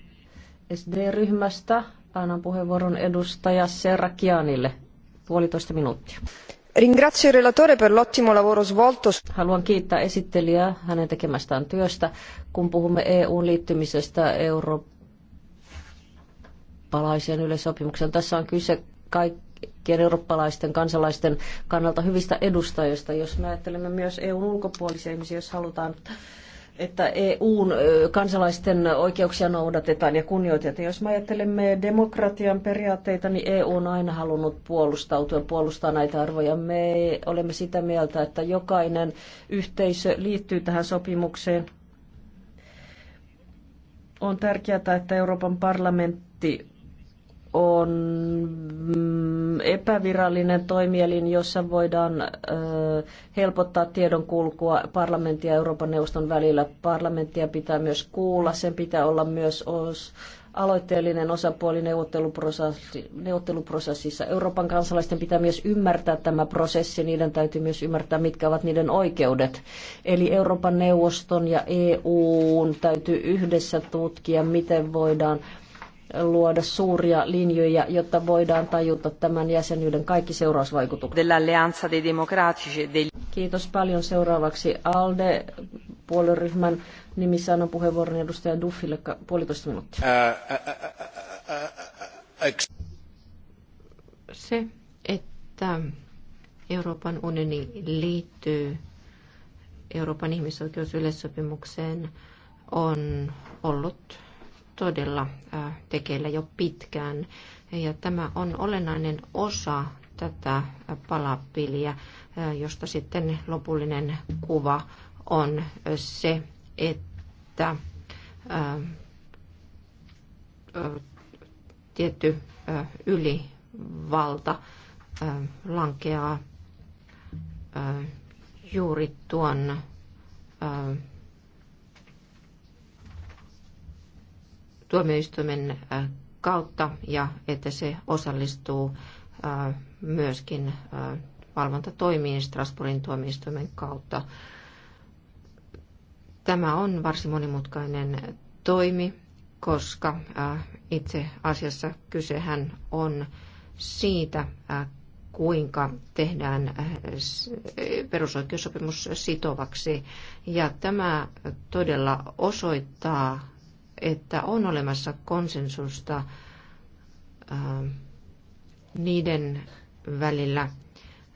SD-ryhmästä annan puheenvuoron edustaja Kianille. Puolitoista minuuttia. Ringrazio il relatore per l'ottimo lavoro svolto. Haluan kiittää esittelijää hänen tekemästään työstä, kun puhumme EUn liittymisestä eurooppalaiseen yleisopimukseen. Tässä on kyse kaikkien eurooppalaisten kansalaisten kannalta hyvistä edustajista, jos me ajattelemme myös EUn ulkopuolisia ihmisiä, jos halutaan että EUn kansalaisten oikeuksia noudatetaan ja kunnioitetaan. Jos me ajattelemme demokratian periaatteita, niin EU on aina halunnut puolustautua ja puolustaa näitä arvoja. Me olemme sitä mieltä, että jokainen yhteisö liittyy tähän sopimukseen. On tärkeää, että Euroopan parlamentti on mm, epävirallinen toimielin, jossa voidaan helpottaa tiedon kulkua parlamentin ja Euroopan neuvoston välillä. Parlamenttia pitää myös kuulla, sen pitää olla myös os, aloitteellinen osapuoli neuvotteluprosessissa. Euroopan kansalaisten pitää myös ymmärtää tämä prosessi, niiden täytyy myös ymmärtää, mitkä ovat niiden oikeudet. Eli Euroopan neuvoston ja EUn täytyy yhdessä tutkia, miten voidaan luoda suuria linjoja, jotta voidaan tajuta tämän jäsenyyden kaikki seurausvaikutukset. E Kiitos paljon. Seuraavaksi ALDE puolueryhmän nimissä annan puheenvuoron edustaja Duffille puolitoista minuuttia. Se, että Euroopan unioni liittyy Euroopan ihmisoikeusyleissopimukseen, on ollut todella tekeillä jo pitkään. Ja tämä on olennainen osa tätä palapiliä, josta sitten lopullinen kuva on se, että tietty ylivalta lankeaa juuri tuon tuomioistuimen äh, kautta ja että se osallistuu äh, myöskin äh, valvontatoimiin Strasbourgin tuomioistuimen kautta. Tämä on varsin monimutkainen toimi, koska itse asiassa kysehän on siitä, kuinka tehdään perusoikeussopimus sitovaksi. Ja tämä todella osoittaa että on olemassa konsensusta niiden välillä,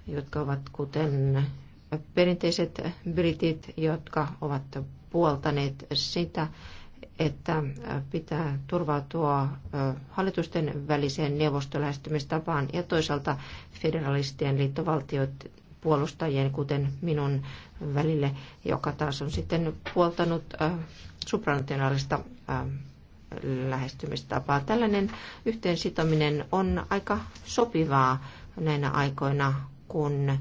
jotka ovat kuten perinteiset britit, jotka ovat puoltaneet sitä, että pitää turvautua hallitusten väliseen neuvostolähestymistapaan ja toisaalta federalistien liittovaltiot puolustajien, kuten minun välille, joka taas on sitten puoltanut äh, supranationaalista äh, lähestymistapaa. Tällainen yhteensitominen on aika sopivaa näinä aikoina, kun äh,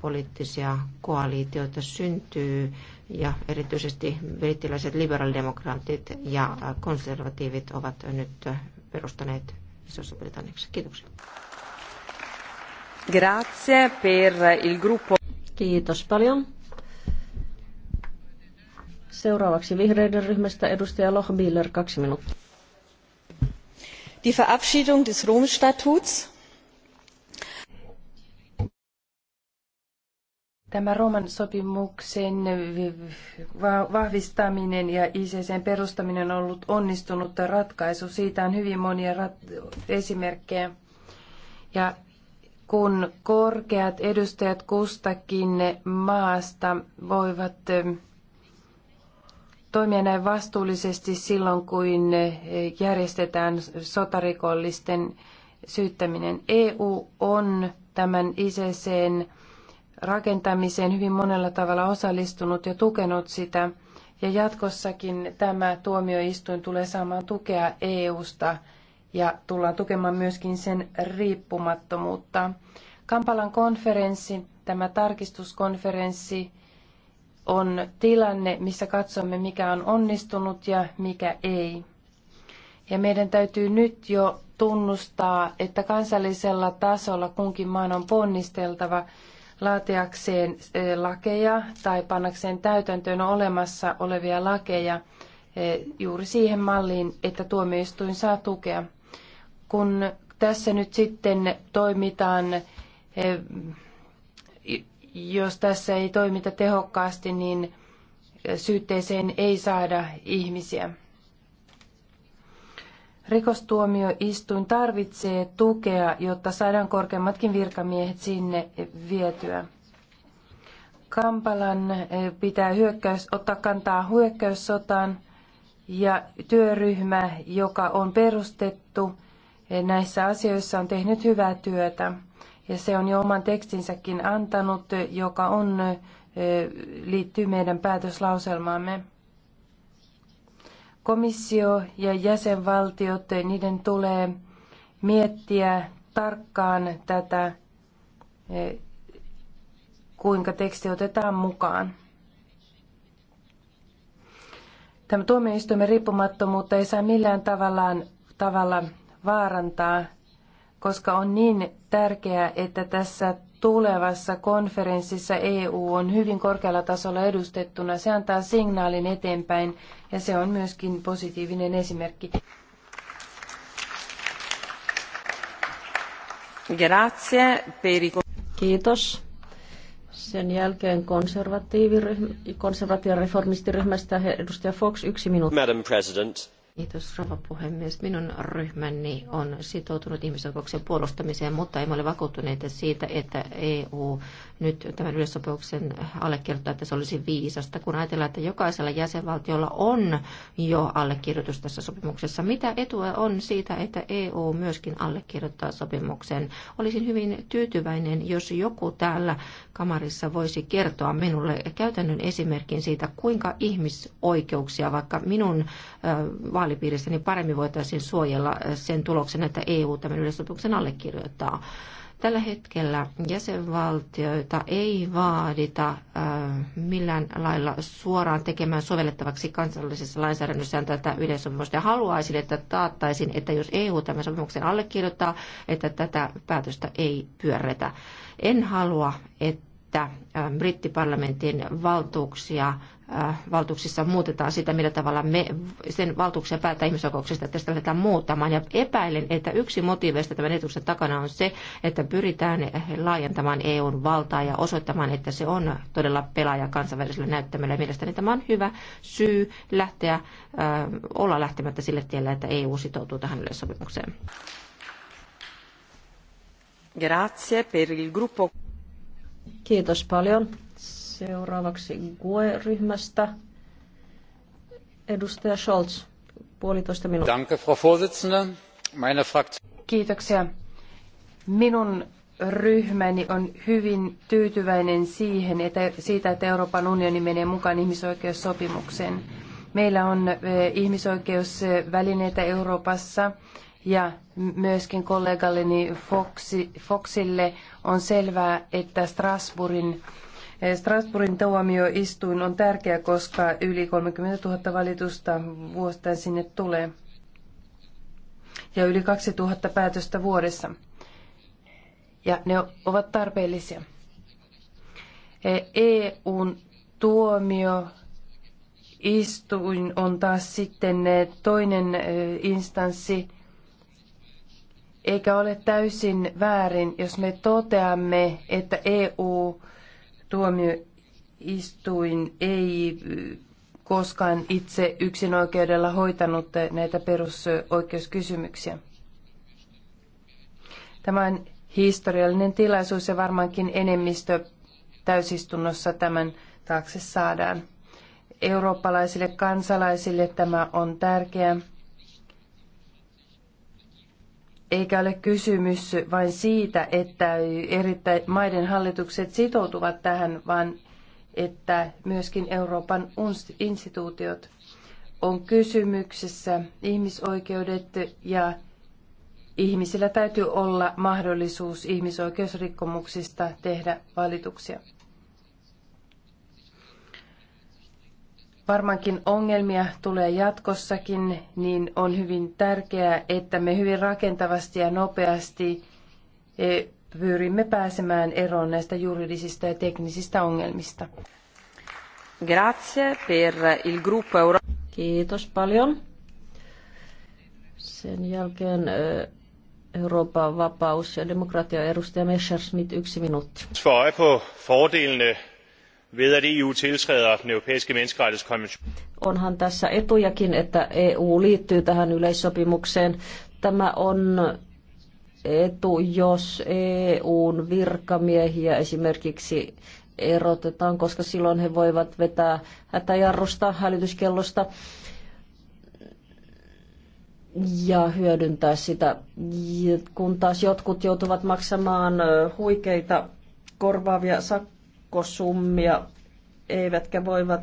poliittisia koaliitioita syntyy ja erityisesti brittiläiset liberaalidemokraatit ja konservatiivit ovat nyt perustaneet Isossa Britanniassa. Kiitoksia. Grazie per il gruppo. Kiitos paljon. Seuraavaksi vihreiden ryhmästä edustaja Lohbiller, kaksi minuuttia. Die Verabschiedung des Rom-Statuts. Tämä Roman sopimuksen vahvistaminen ja ICCn perustaminen on ollut onnistunut ratkaisu. Siitä on hyvin monia rat- esimerkkejä. Ja kun korkeat edustajat kustakin maasta voivat toimia näin vastuullisesti silloin, kun järjestetään sotarikollisten syyttäminen. EU on tämän ICCn rakentamiseen hyvin monella tavalla osallistunut ja tukenut sitä. Ja jatkossakin tämä tuomioistuin tulee saamaan tukea EUsta sta ja tullaan tukemaan myöskin sen riippumattomuutta. Kampalan konferenssi, tämä tarkistuskonferenssi, on tilanne, missä katsomme, mikä on onnistunut ja mikä ei. Ja meidän täytyy nyt jo tunnustaa, että kansallisella tasolla kunkin maan on ponnisteltava laatiakseen e, lakeja tai pannakseen täytäntöön olemassa olevia lakeja e, juuri siihen malliin, että tuomioistuin saa tukea kun tässä nyt sitten toimitaan, eh, jos tässä ei toimita tehokkaasti, niin syytteeseen ei saada ihmisiä. Rikostuomioistuin tarvitsee tukea, jotta saadaan korkeammatkin virkamiehet sinne vietyä. Kampalan eh, pitää hyökkäys, ottaa kantaa hyökkäyssotaan ja työryhmä, joka on perustettu – näissä asioissa on tehnyt hyvää työtä. Ja se on jo oman tekstinsäkin antanut, joka on, liittyy meidän päätöslauselmaamme. Komissio ja jäsenvaltiot, niiden tulee miettiä tarkkaan tätä, kuinka teksti otetaan mukaan. Tämä tuomioistuimen riippumattomuutta ei saa millään tavallaan, tavalla vaarantaa, koska on niin tärkeää, että tässä tulevassa konferenssissa EU on hyvin korkealla tasolla edustettuna. Se antaa signaalin eteenpäin ja se on myöskin positiivinen esimerkki. Grazie per i... Kiitos. Sen jälkeen konservatiiviryhmä, konservatiivireformistiryhmästä edustaja Fox, yksi minuutti. Madam President, Kiitos rouva puhemies. Minun ryhmäni on sitoutunut ihmisoikeuksien puolustamiseen, mutta emme ole vakuuttuneita siitä, että EU nyt tämän yleissopimuksen allekirjoittaa, että se olisi viisasta, kun ajatellaan, että jokaisella jäsenvaltiolla on jo allekirjoitus tässä sopimuksessa. Mitä etua on siitä, että EU myöskin allekirjoittaa sopimuksen? Olisin hyvin tyytyväinen, jos joku täällä kamarissa voisi kertoa minulle käytännön esimerkin siitä, kuinka ihmisoikeuksia, vaikka minun äh, vaalipiirissä, niin paremmin voitaisiin suojella äh, sen tuloksen, että EU tämän yleissopimuksen allekirjoittaa. Tällä hetkellä jäsenvaltioita ei vaadita äh, millään lailla suoraan tekemään sovellettavaksi kansallisessa lainsäädännössään tätä yleissopimusta. Ja haluaisin, että taattaisin, että jos EU tämän sopimuksen allekirjoittaa, että tätä päätöstä ei pyörretä. En halua, että äh, brittiparlamentin valtuuksia Äh, valtuuksissa muutetaan sitä, millä tavalla me sen valtuuksia päättää ihmisoikeuksista, että sitä lähdetään muuttamaan. Ja epäilen, että yksi motiiveista tämän etuksen takana on se, että pyritään laajentamaan EUn valtaa ja osoittamaan, että se on todella pelaaja kansainvälisellä näyttämällä. Mielestäni tämä on hyvä syy lähteä, äh, olla lähtemättä sille tielle, että EU sitoutuu tähän yleissopimukseen. Grazie per il gruppo. Kiitos paljon. Seuraavaksi GUE-ryhmästä edustaja Scholz, puolitoista minuuttia. Danke, Frau Vorsitzende. Meine Fraktion... Kiitoksia. Minun ryhmäni on hyvin tyytyväinen siihen, että siitä, että Euroopan unioni menee mukaan ihmisoikeussopimukseen. Meillä on e, ihmisoikeusvälineitä Euroopassa ja myöskin kollegalleni Foxille on selvää, että Strasbourgin Strasbourgin tuomioistuin on tärkeä, koska yli 30 000 valitusta vuosittain sinne tulee ja yli 2000 päätöstä vuodessa. Ja ne ovat tarpeellisia. EUn e tuomio istuin on taas sitten e, toinen e, instanssi, eikä ole täysin väärin, jos me toteamme, että EU Tuomioistuin ei koskaan itse yksin oikeudella hoitanut näitä perusoikeuskysymyksiä. Tämä on historiallinen tilaisuus ja varmaankin enemmistö täysistunnossa tämän taakse saadaan. Eurooppalaisille kansalaisille tämä on tärkeää eikä ole kysymys vain siitä, että eri maiden hallitukset sitoutuvat tähän, vaan että myöskin Euroopan instituutiot on kysymyksessä ihmisoikeudet ja ihmisillä täytyy olla mahdollisuus ihmisoikeusrikkomuksista tehdä valituksia. Varmaankin ongelmia tulee jatkossakin, niin on hyvin tärkeää, että me hyvin rakentavasti ja nopeasti eh, pyrimme pääsemään eroon näistä juridisista ja teknisistä ongelmista. Grazie per il gruppo Euro- Kiitos paljon. Sen jälkeen eh, Euroopan vapaus ja demokratia edustaja Messerschmidt yksi minuutti. Svar på fordelene ved at EU tiltræder den europæiske menneskerettighedskonvention. Onhan tässä etujakin, että EU liittyy tähän yleissopimukseen. Tämä on etu, jos EUn virkamiehiä esimerkiksi erotetaan, koska silloin he voivat vetää hätäjarrusta, hälytyskellosta ja hyödyntää sitä, kun taas jotkut joutuvat maksamaan huikeita korvaavia sakkoja sakkosummia eivätkä voivat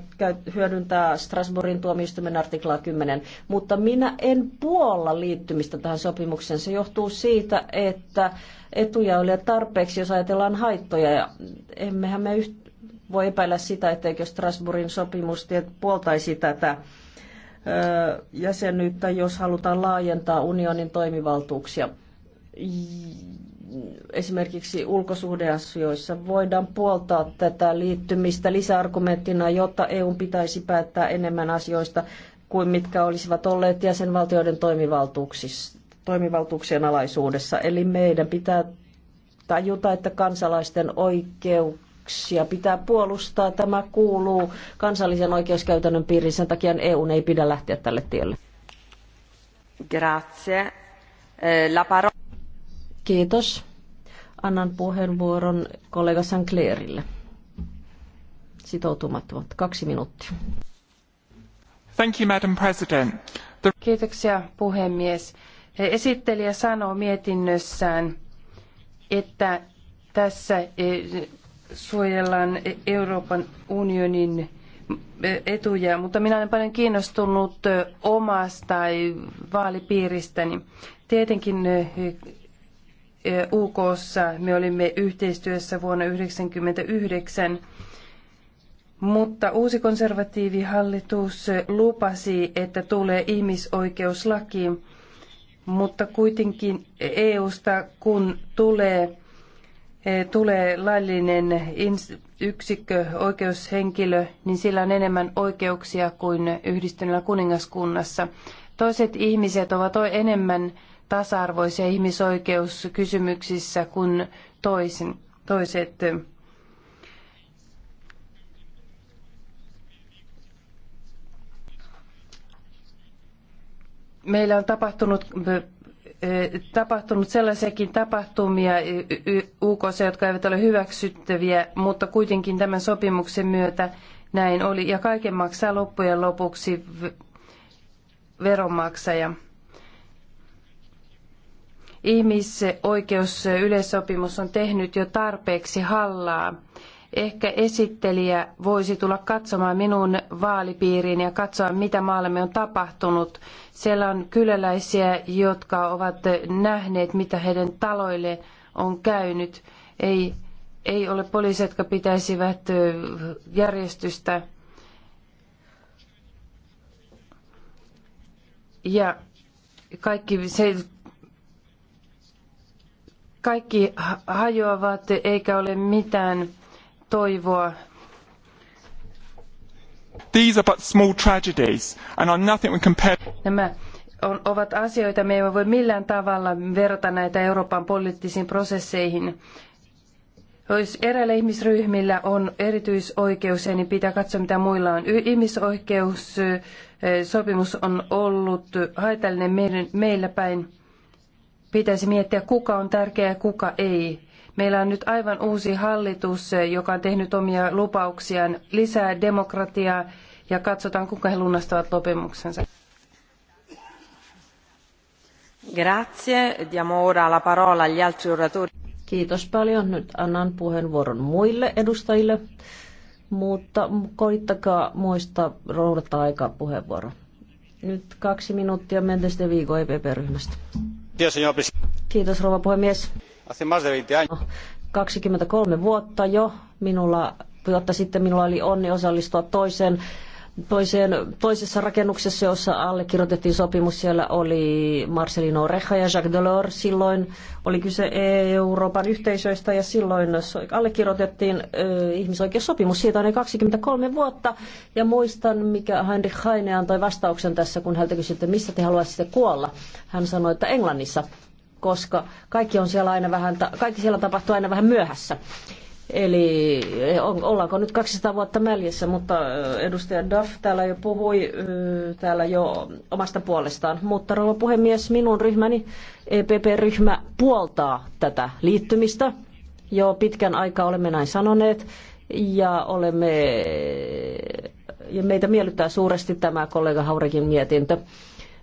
hyödyntää Strasbourgin tuomioistuimen artiklaa 10. Mutta minä en puolla liittymistä tähän sopimukseen. Se johtuu siitä, että etuja oli tarpeeksi, jos ajatellaan haittoja. Ja emmehän me yht- voi epäillä sitä, etteikö Strasbourgin sopimus puoltaisi tätä öö, jäsenyyttä, jos halutaan laajentaa unionin toimivaltuuksia esimerkiksi ulkosuhdeasioissa voidaan puoltaa tätä liittymistä lisäargumenttina, jotta EU pitäisi päättää enemmän asioista kuin mitkä olisivat olleet jäsenvaltioiden toimivaltuuksien alaisuudessa. Eli meidän pitää tajuta, että kansalaisten oikeuksia pitää puolustaa. Tämä kuuluu kansallisen oikeuskäytännön piiriin. Sen takia EU ei pidä lähteä tälle tielle. Grazie. Eh, la parola... Kiitos. Annan puheenvuoron kollega Sanklerille. Sitoutumattomat. Kaksi minuuttia. Thank you, Madam President. The... Kiitoksia, puhemies. Esittelijä sanoo mietinnössään, että tässä e, suojellaan Euroopan unionin etuja, mutta minä olen paljon kiinnostunut omasta vaalipiiristäni. Tietenkin UKssa. Me olimme yhteistyössä vuonna 1999, mutta uusi konservatiivihallitus lupasi, että tulee ihmisoikeuslaki, mutta kuitenkin EUsta, kun tulee, eh, tulee laillinen yksikkö, oikeushenkilö, niin sillä on enemmän oikeuksia kuin yhdistyneellä kuningaskunnassa. Toiset ihmiset ovat enemmän tasa-arvoisia ihmisoikeuskysymyksissä kuin toisin, toiset. Meillä on tapahtunut tapahtunut sellaisiakin tapahtumia UKssa, jotka eivät ole hyväksyttäviä, mutta kuitenkin tämän sopimuksen myötä näin oli. Ja kaiken maksaa loppujen lopuksi veronmaksaja. Ihmisoikeusyleissopimus on tehnyt jo tarpeeksi hallaa. Ehkä esittelijä voisi tulla katsomaan minun vaalipiiriin ja katsoa, mitä maallamme on tapahtunut. Siellä on kyläläisiä, jotka ovat nähneet, mitä heidän taloille on käynyt. Ei, ei ole poliisit, jotka pitäisivät järjestystä. Ja kaikki se kaikki hajoavat eikä ole mitään toivoa. These are but small tragedies and are nothing when compared... Nämä on, ovat asioita, me emme voi millään tavalla verrata näitä Euroopan poliittisiin prosesseihin. Jos eräillä ihmisryhmillä on erityisoikeus, niin pitää katsoa, mitä muilla on. Ihmisoikeussopimus on ollut haitallinen meillä päin pitäisi miettiä, kuka on tärkeä ja kuka ei. Meillä on nyt aivan uusi hallitus, joka on tehnyt omia lupauksiaan lisää demokratiaa ja katsotaan, kuinka he lunastavat lopimuksensa. Grazie. Diamo ora la parola agli altri oratori. Kiitos paljon. Nyt annan puheenvuoron muille edustajille, mutta koittakaa muista roudata aikaa puheenvuoro. Nyt kaksi minuuttia Mendes de Vigo EPP-ryhmästä. Kiitos rouva puhemies. 23 vuotta jo minulla, vuotta sitten minulla oli onni osallistua toiseen Toiseen, toisessa rakennuksessa, jossa allekirjoitettiin sopimus, siellä oli Marcelino Oreja ja Jacques Delors. Silloin oli kyse Euroopan yhteisöistä ja silloin allekirjoitettiin äh, ihmisoikeussopimus. Siitä on 23 vuotta ja muistan, mikä Heinrich Heine antoi vastauksen tässä, kun häntä että missä te haluaisitte kuolla. Hän sanoi, että Englannissa koska kaikki on siellä aina vähän, kaikki siellä tapahtuu aina vähän myöhässä. Eli eh, on, ollaanko nyt 200 vuotta mäljessä, mutta eh, edustaja Duff täällä jo puhui eh, täällä jo omasta puolestaan. Mutta rouva puhemies, minun ryhmäni, EPP-ryhmä, puoltaa tätä liittymistä. Jo pitkän aikaa olemme näin sanoneet ja olemme, ja meitä miellyttää suuresti tämä kollega Haurekin mietintö.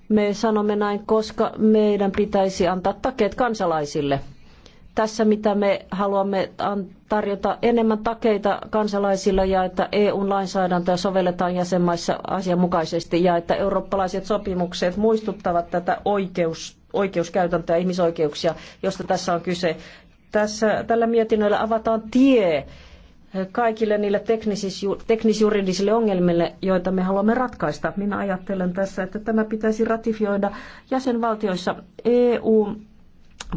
Me sanomme näin, koska meidän pitäisi antaa takeet kansalaisille – tässä, mitä me haluamme tarjota enemmän takeita kansalaisille ja että EU-lainsäädäntöä sovelletaan jäsenmaissa asianmukaisesti ja että eurooppalaiset sopimukset muistuttavat tätä oikeus, oikeuskäytäntöä ja ihmisoikeuksia, josta tässä on kyse. Tässä, tällä mietinnöllä avataan tie kaikille niille teknisjuridisille ongelmille, joita me haluamme ratkaista. Minä ajattelen tässä, että tämä pitäisi ratifioida jäsenvaltioissa EU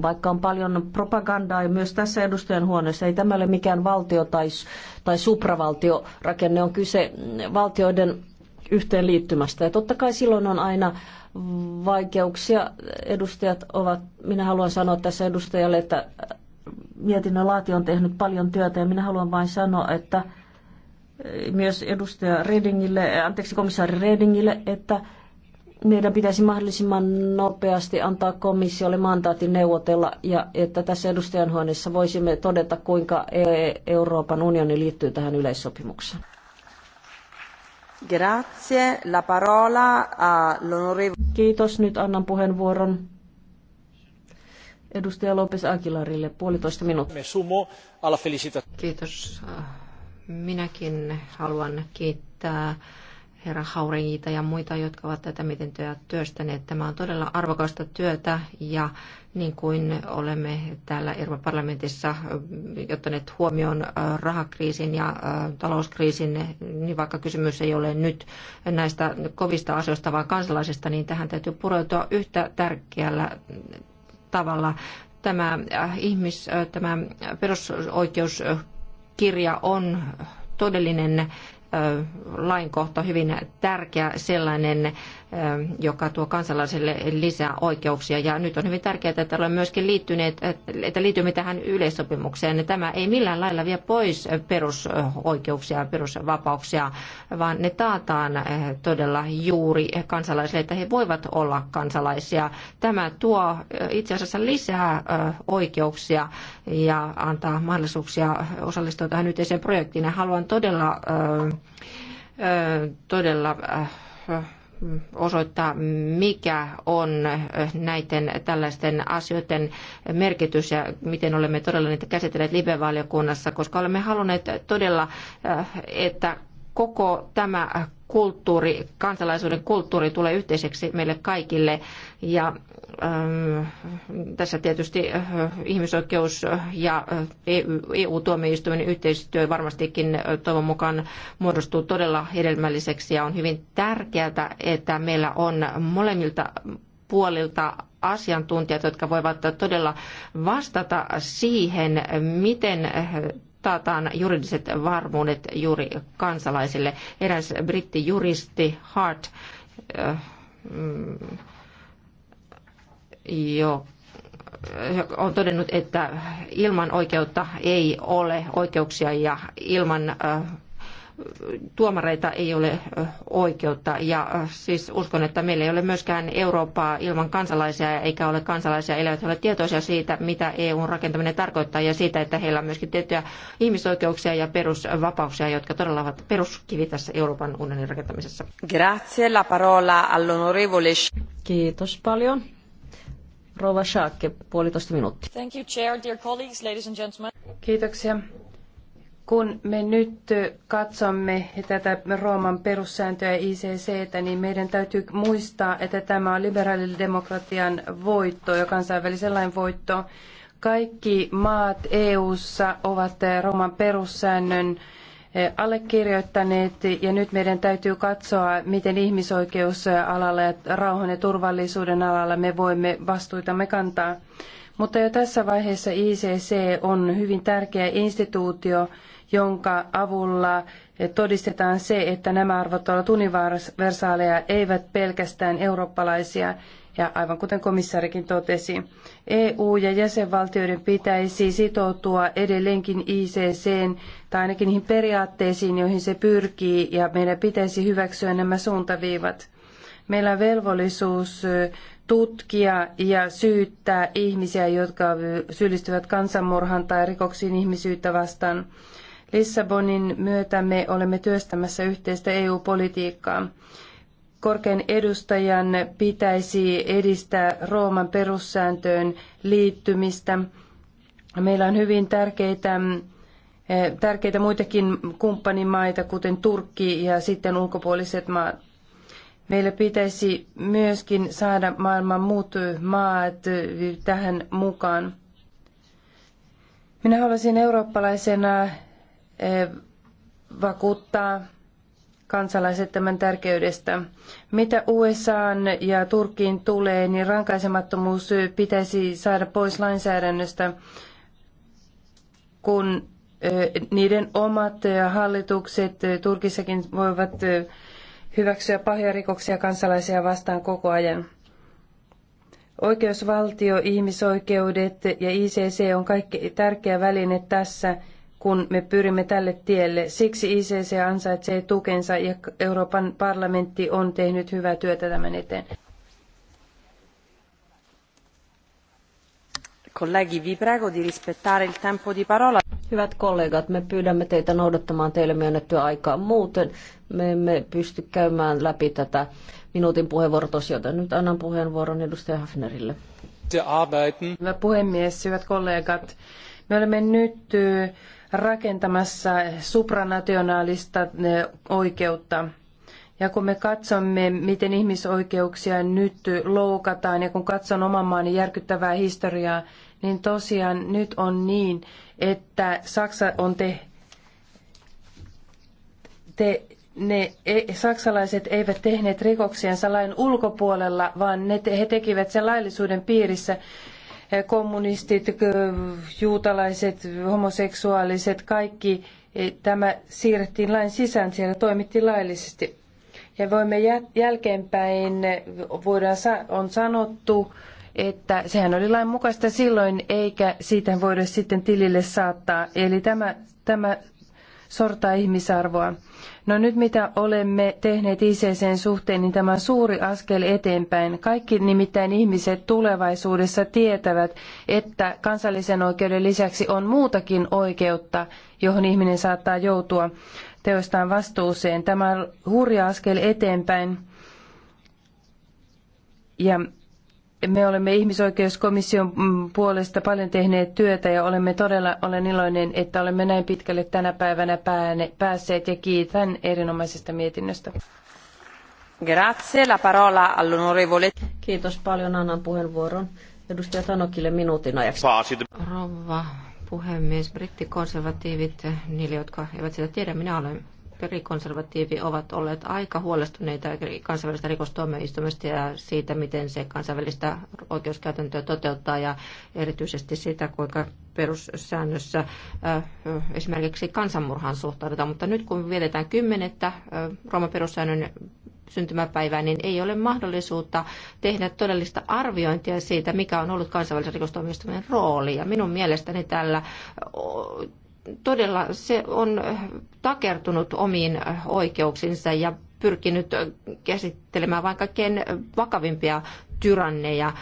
vaikka on paljon propagandaa ja myös tässä edustajan huoneessa, ei tämä ole mikään valtio tai, tai supravaltiorakenne, on kyse valtioiden yhteenliittymästä. Ja totta kai silloin on aina vaikeuksia. Edustajat ovat, minä haluan sanoa tässä edustajalle, että mietinnön laati on tehnyt paljon työtä ja minä haluan vain sanoa, että eh, myös edustaja Redingille, eh, anteeksi komissaari Redingille, että meidän pitäisi mahdollisimman nopeasti antaa komissiolle mandaatin neuvotella ja että tässä edustajanhuoneessa voisimme todeta, kuinka e- Euroopan unioni liittyy tähän yleissopimukseen. Grazie. La parola all'onorevole. Kiitos. Nyt annan puheenvuoron edustaja Lopes Aguilarille puolitoista minuuttia. Kiitos. Minäkin haluan kiittää herra Haurejiita ja muita, jotka ovat tätä miten työstäneet. Tämä on todella arvokasta työtä ja niin kuin olemme täällä Euroopan parlamentissa ottaneet huomioon rahakriisin ja talouskriisin, niin vaikka kysymys ei ole nyt näistä kovista asioista, vaan kansalaisista, niin tähän täytyy pureutua yhtä tärkeällä tavalla. Tämä, ihmis, tämä perusoikeuskirja on todellinen lainkohta hyvin tärkeä sellainen Ähm, joka tuo kansalaisille lisää oikeuksia. Ja nyt on hyvin tärkeää, että olemme myöskin liittyneet, äh, että liitymme tähän yleissopimukseen. Tämä ei millään lailla vie pois perusoikeuksia, perusvapauksia, vaan ne taataan äh, todella juuri kansalaisille, että he voivat olla kansalaisia. Tämä tuo äh, itse asiassa lisää oikeuksia ja antaa mahdollisuuksia osallistua tähän yhteiseen projektiin. haluan todella, todella osoittaa, mikä on näiden tällaisten asioiden merkitys ja miten olemme todella niitä käsitelleet live koska olemme halunneet todella, äh, että koko tämä kulttuuri, kansalaisuuden kulttuuri tulee yhteiseksi meille kaikille. Ja ähm, tässä tietysti äh, ihmisoikeus ja äh, EU-tuomioistuimen e yhteistyö varmastikin äh, toivon mukaan muodostuu todella hedelmälliseksi ja on hyvin tärkeää, että meillä on molemmilta puolilta asiantuntijat, jotka voivat todella vastata siihen, miten taataan juridiset varmuudet juuri kansalaisille. Eräs brittijuristi Hart, eh, mm, jo eh, on todennut, että ilman oikeutta ei ole oikeuksia ja ilman eh, tuomareita ei ole oikeutta. Ja siis uskon, että meillä ei ole myöskään Eurooppaa ilman kansalaisia, eikä ole kansalaisia, eivät he ole tietoisia siitä, mitä EUn rakentaminen tarkoittaa, ja siitä, että heillä on myöskin tiettyjä ihmisoikeuksia ja perusvapauksia, jotka todella ovat peruskivi tässä Euroopan unionin rakentamisessa. Grazie, la parola all'onorevole. Kiitos paljon. Rouva puolitoista minuuttia. Thank you, chair, dear colleagues, ladies and gentlemen. Kiitoksia kun me nyt katsomme tätä Rooman perussääntöä ICC, niin meidän täytyy muistaa, että tämä on liberaalidemokratian voitto ja kansainvälisen lain voitto. Kaikki maat EU:ssa ovat Rooman perussäännön eh, allekirjoittaneet ja nyt meidän täytyy katsoa, miten ihmisoikeusalalla ja rauhan ja turvallisuuden alalla me voimme vastuitamme kantaa. Mutta jo tässä vaiheessa ICC on hyvin tärkeä instituutio, jonka avulla todistetaan se, että nämä arvot ovat universaaleja, eivät pelkästään eurooppalaisia. Ja aivan kuten komissarikin totesi, EU ja jäsenvaltioiden pitäisi sitoutua edelleenkin ICCn tai ainakin niihin periaatteisiin, joihin se pyrkii, ja meidän pitäisi hyväksyä nämä suuntaviivat. Meillä on velvollisuus tutkia ja syyttää ihmisiä, jotka syyllistyvät kansanmurhan tai rikoksiin ihmisyyttä vastaan. Lissabonin myötä me olemme työstämässä yhteistä EU-politiikkaa. Korkean edustajan pitäisi edistää Rooman perussääntöön liittymistä. Meillä on hyvin tärkeitä, eh, tärkeitä muitakin kumppanimaita, kuten Turkki ja sitten ulkopuoliset maat. Meillä pitäisi myöskin saada maailman muut maat eh, tähän mukaan. Minä haluaisin eurooppalaisena Eh, vakuuttaa kansalaiset tämän tärkeydestä. Mitä USAan ja Turkkiin tulee, niin rankaisemattomuus pitäisi saada pois lainsäädännöstä, kun eh, niiden omat hallitukset eh, Turkissakin voivat hyväksyä pahoja rikoksia kansalaisia vastaan koko ajan. Oikeusvaltio, ihmisoikeudet ja ICC on kaikki tärkeä väline tässä – kun me pyrimme tälle tielle. Siksi ICC ansaitsee tukensa ja Euroopan parlamentti on tehnyt hyvää työtä tämän eteen. Kollegi, vi prego di rispettare il tempo di parola. Hyvät kollegat, me pyydämme teitä noudattamaan teille myönnettyä aikaa. Muuten me emme pysty käymään läpi tätä minuutin puheenvuorotosi, joten nyt annan puheenvuoron edustaja Hafnerille. Hyvä puhemies, hyvät kollegat. Me olemme nyt rakentamassa supranationaalista eh, oikeutta. Ja kun me katsomme, miten ihmisoikeuksia nyt loukataan ja kun katson oman maani järkyttävää historiaa, niin tosiaan nyt on niin, että Saksa on te, te ne e, saksalaiset eivät tehneet rikoksiansa lain ulkopuolella, vaan ne, he tekivät sen laillisuuden piirissä kommunistit, juutalaiset, homoseksuaaliset, kaikki e, tämä siirrettiin lain sisään, siellä toimittiin laillisesti. Ja voimme jälkeenpäin, voidaan, on sanottu, että sehän oli lain mukaista silloin, eikä siitä voida sitten tilille saattaa. Eli tämä, tämä sortaa ihmisarvoa. No nyt mitä olemme tehneet ICCn suhteen, niin tämä on suuri askel eteenpäin. Kaikki nimittäin ihmiset tulevaisuudessa tietävät, että kansallisen oikeuden lisäksi on muutakin oikeutta, johon ihminen saattaa joutua teoistaan vastuuseen. Tämä on hurja askel eteenpäin. Ja me olemme ihmisoikeuskomission mm, puolesta paljon tehneet työtä ja olemme todella, olen iloinen, että olemme näin pitkälle tänä päivänä päässeet ja kiitän erinomaisesta mietinnöstä. Grazie, la parola all'onorevole. Kiitos paljon, annan puheenvuoron edustaja Tanokille minuutin ajaksi. Rouva puhemies, brittikonservatiivit, niille jotka eivät sitä tiedä, minä olen perikonservatiivi ovat olleet aika huolestuneita kansainvälistä rikostuomioistuimesta ja siitä, miten se kansainvälistä oikeuskäytäntöä toteuttaa ja erityisesti sitä, kuinka perussäännössä äh, esimerkiksi kansanmurhan suhtaudutaan. Mutta nyt kun vietetään kymmenettä äh, Rooman perussäännön syntymäpäivää, niin ei ole mahdollisuutta tehdä todellista arviointia siitä, mikä on ollut kansainvälisen rikostuomioistuimen rooli. Ja minun mielestäni tällä todella se on takertunut omiin oikeuksinsa ja pyrkinyt käsittelemään vain kaikkein vakavimpia tyranneja. Äh,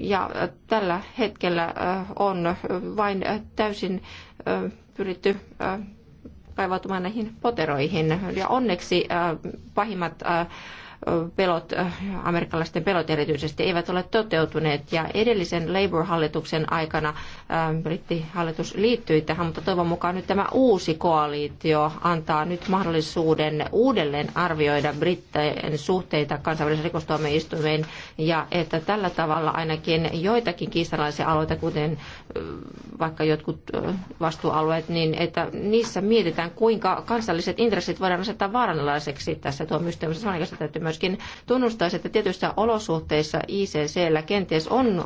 ja tällä hetkellä äh, on vain täysin äh, pyritty kaivautumaan näihin poteroihin. Ja onneksi pahimmat pelot, amerikkalaisten pelot erityisesti, eivät ole toteutuneet. Ja edellisen Labour-hallituksen aikana ähm, brittihallitus liittyi tähän, mutta toivon mukaan nyt tämä uusi koalitio antaa nyt mahdollisuuden uudelleen arvioida brittien suhteita kansainvälisen rikostuomioistuimeen ja että tällä tavalla ainakin joitakin kiistalaisia alueita, kuten äh, vaikka jotkut äh, vastuualueet, niin että niissä mietitään, kuinka kansalliset intressit voidaan asettaa vaaranlaiseksi tässä tuomioistuimessa. Samanaikaisesti täytyy myös myöskin tunnustaisi, että tietyissä olosuhteissa ICCllä kenties on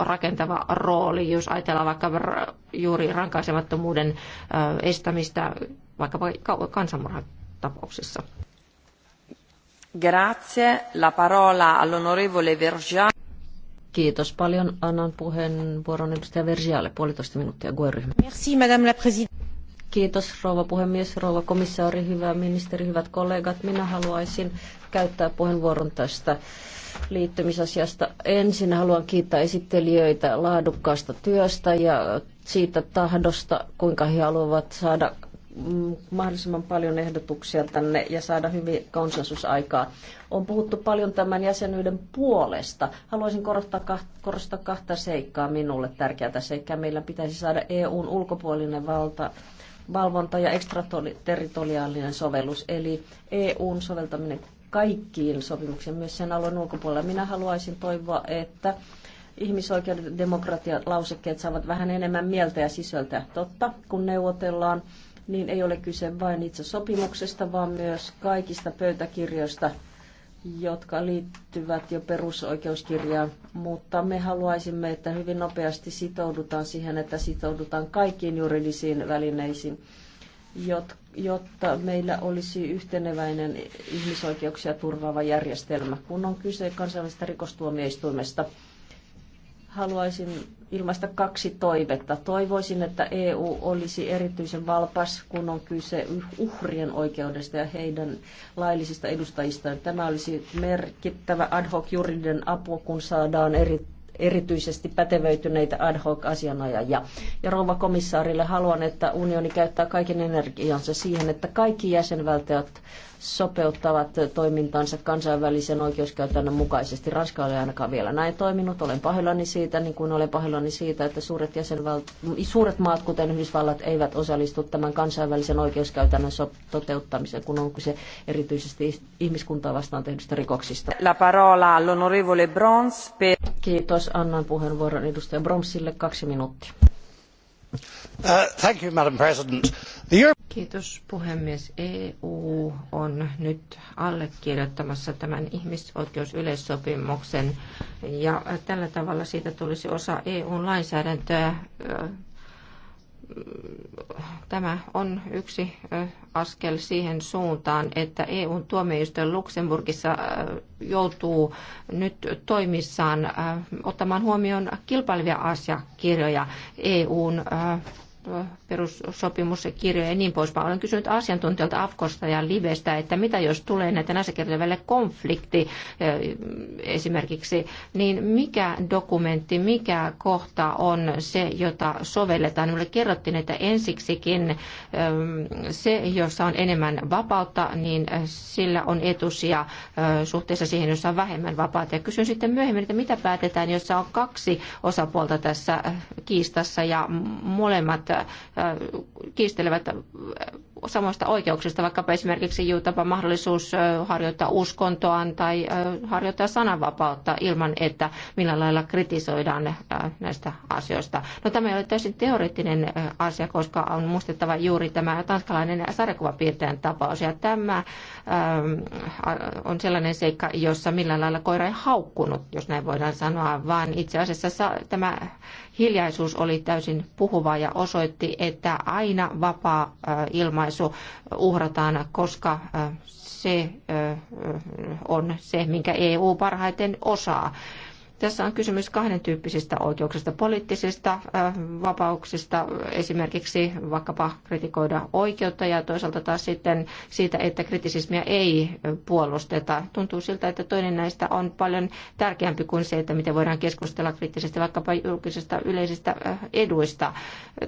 rakentava rooli, jos ajatellaan vaikka juuri rankaisemattomuuden estämistä vaikkapa kansanmurhatapauksissa. Grazie. La parola all'onorevole Vergian. Kiitos paljon. Annan puheenvuoron edustaja Vergialle puolitoista minuuttia Merci, madame la présidente. Kiitos rouva puhemies, rouva komissaari, hyvä ministeri, hyvät kollegat. Minä haluaisin käyttää puheenvuoron tästä liittymisasiasta. Ensin haluan kiittää esittelijöitä laadukkaasta työstä ja siitä tahdosta, kuinka he haluavat saada mm, mahdollisimman paljon ehdotuksia tänne ja saada hyvin konsensusaikaa. On puhuttu paljon tämän jäsenyyden puolesta. Haluaisin korostaa, korostaa kahta seikkaa minulle tärkeää seikkaa. Meillä pitäisi saada EUn ulkopuolinen valta valvonta ja ekstraterritoriaalinen sovellus, eli EUn soveltaminen kaikkiin sopimuksiin, myös sen alueen ulkopuolella. Minä haluaisin toivoa, että ihmisoikeudet ja lausekkeet saavat vähän enemmän mieltä ja sisältöä. Totta, kun neuvotellaan, niin ei ole kyse vain itse sopimuksesta, vaan myös kaikista pöytäkirjoista, jotka liittyvät jo perusoikeuskirjaan, mutta me haluaisimme, että hyvin nopeasti sitoudutaan siihen, että sitoudutaan kaikkiin juridisiin välineisiin, jotta meillä olisi yhteneväinen ihmisoikeuksia turvaava järjestelmä, kun on kyse kansainvälisestä rikostuomioistuimesta – haluaisin ilmaista kaksi toivetta. Toivoisin, että EU olisi erityisen valpas, kun on kyse uhrien oikeudesta ja heidän laillisista edustajistaan. Tämä olisi merkittävä ad hoc juridinen apu, kun saadaan eri erityisesti pätevöityneitä ad hoc asianajajia. Ja rouva komissaarille haluan, että unioni käyttää kaiken energiansa siihen, että kaikki jäsenvaltiot sopeuttavat toimintansa kansainvälisen oikeuskäytännön mukaisesti. Ranska ei ainakaan vielä näin toiminut. Olen pahoillani siitä, niin kuin olen pahoillani siitä, että suuret, jäsenvalt... suuret maat, kuten Yhdysvallat, eivät osallistu tämän kansainvälisen oikeuskäytännön so- toteuttamiseen, kun on kyse erityisesti ihmiskuntaa vastaan tehdystä rikoksista. La parola all'onorevole Brons per... Kiitos. Annan puheenvuoron edustaja Bromsille kaksi minuuttia. Uh, thank you, Madam President. Kiitos puhemies. EU on nyt allekirjoittamassa tämän ihmisoikeusyleissopimuksen ja tällä tavalla siitä tulisi osa EUn lainsäädäntöä tämä on yksi askel siihen suuntaan, että EUn tuomioistuin Luxemburgissa joutuu nyt toimissaan ottamaan huomioon kilpailevia asiakirjoja EUn perussopimus ja kirjoja ja niin poispäin. Olen kysynyt asiantuntijalta Afkosta ja Livestä, että mitä jos tulee näitä näissä välillä konflikti eh, esimerkiksi, niin mikä dokumentti, mikä kohta on se, jota sovelletaan? Minulle kerrottiin, että ensiksikin eh, se, jossa on enemmän vapautta, niin eh, sillä on etusia suhteessa siihen, jossa on vähemmän vapautta. Ja kysyn sitten myöhemmin, että mitä päätetään, jossa on kaksi osapuolta tässä kiistassa ja molemmat Äh, kiistelevät samoista oikeuksista, vaikkapa esimerkiksi juutapa mahdollisuus äh, harjoittaa uskontoaan tai äh, harjoittaa sananvapautta ilman, että millä lailla kritisoidaan näistä asioista. No tämä ei ole täysin teoreettinen asia, koska on muistettava juuri tämä tanskalainen sarjakuvapiirtäjän tapaus. Ja tämä ähm, on sellainen seikka, jossa millä lailla koira ei haukkunut, jos näin voidaan sanoa, vaan itse asiassa tämä hiljaisuus oli täysin puhuva ja osoitti, että aina vapaa ilmaisu uhrataan, koska se on se, minkä EU parhaiten osaa. Tässä on kysymys kahden tyyppisistä oikeuksista, poliittisista äh, vapauksista, esimerkiksi vaikkapa kritikoida oikeutta ja toisaalta taas sitten siitä, että kritisismiä ei puolusteta. Tuntuu siltä, että toinen näistä on paljon tärkeämpi kuin se, että miten voidaan keskustella kriittisesti vaikkapa julkisista yleisistä äh, eduista.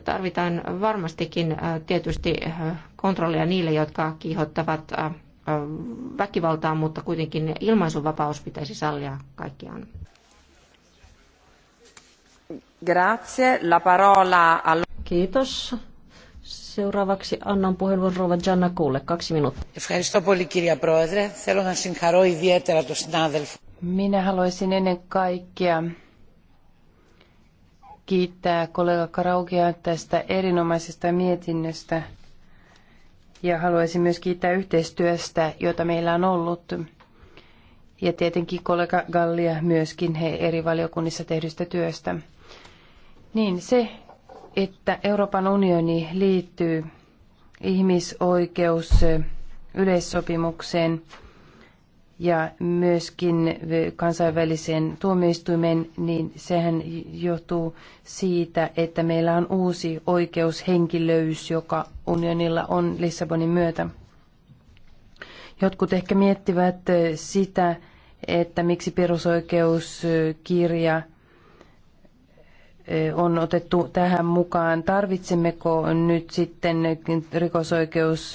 Tarvitaan varmastikin äh, tietysti kontrollia niille, jotka kiihottavat väkivaltaa, mutta kuitenkin ilmaisuvapaus pitäisi sallia kaikkiaan. Kiitos. Seuraavaksi annan puheenvuoron Rova Gianna Kuulle. Kaksi minuuttia. Ευχαριστώ πολύ κυρία Πρόεδρε. Θέλω να συγχαρώ ιδιαίτερα Minä haluaisin ennen kaikkea kiittää kollega Karaukia tästä erinomaisesta mietinnöstä ja haluaisin myös kiittää yhteistyöstä, jota meillä on ollut. Ja tietenkin kollega Gallia myöskin he eri valiokunnissa tehdystä työstä. Niin se, että Euroopan unioni liittyy ihmisoikeus yleissopimukseen ja myöskin kansainväliseen tuomioistuimeen, niin sehän johtuu siitä, että meillä on uusi oikeushenkilöys, joka unionilla on Lissabonin myötä. Jotkut ehkä miettivät sitä, että miksi perusoikeuskirja – on otettu tähän mukaan. Tarvitsemmeko nyt sitten rikosoikeus,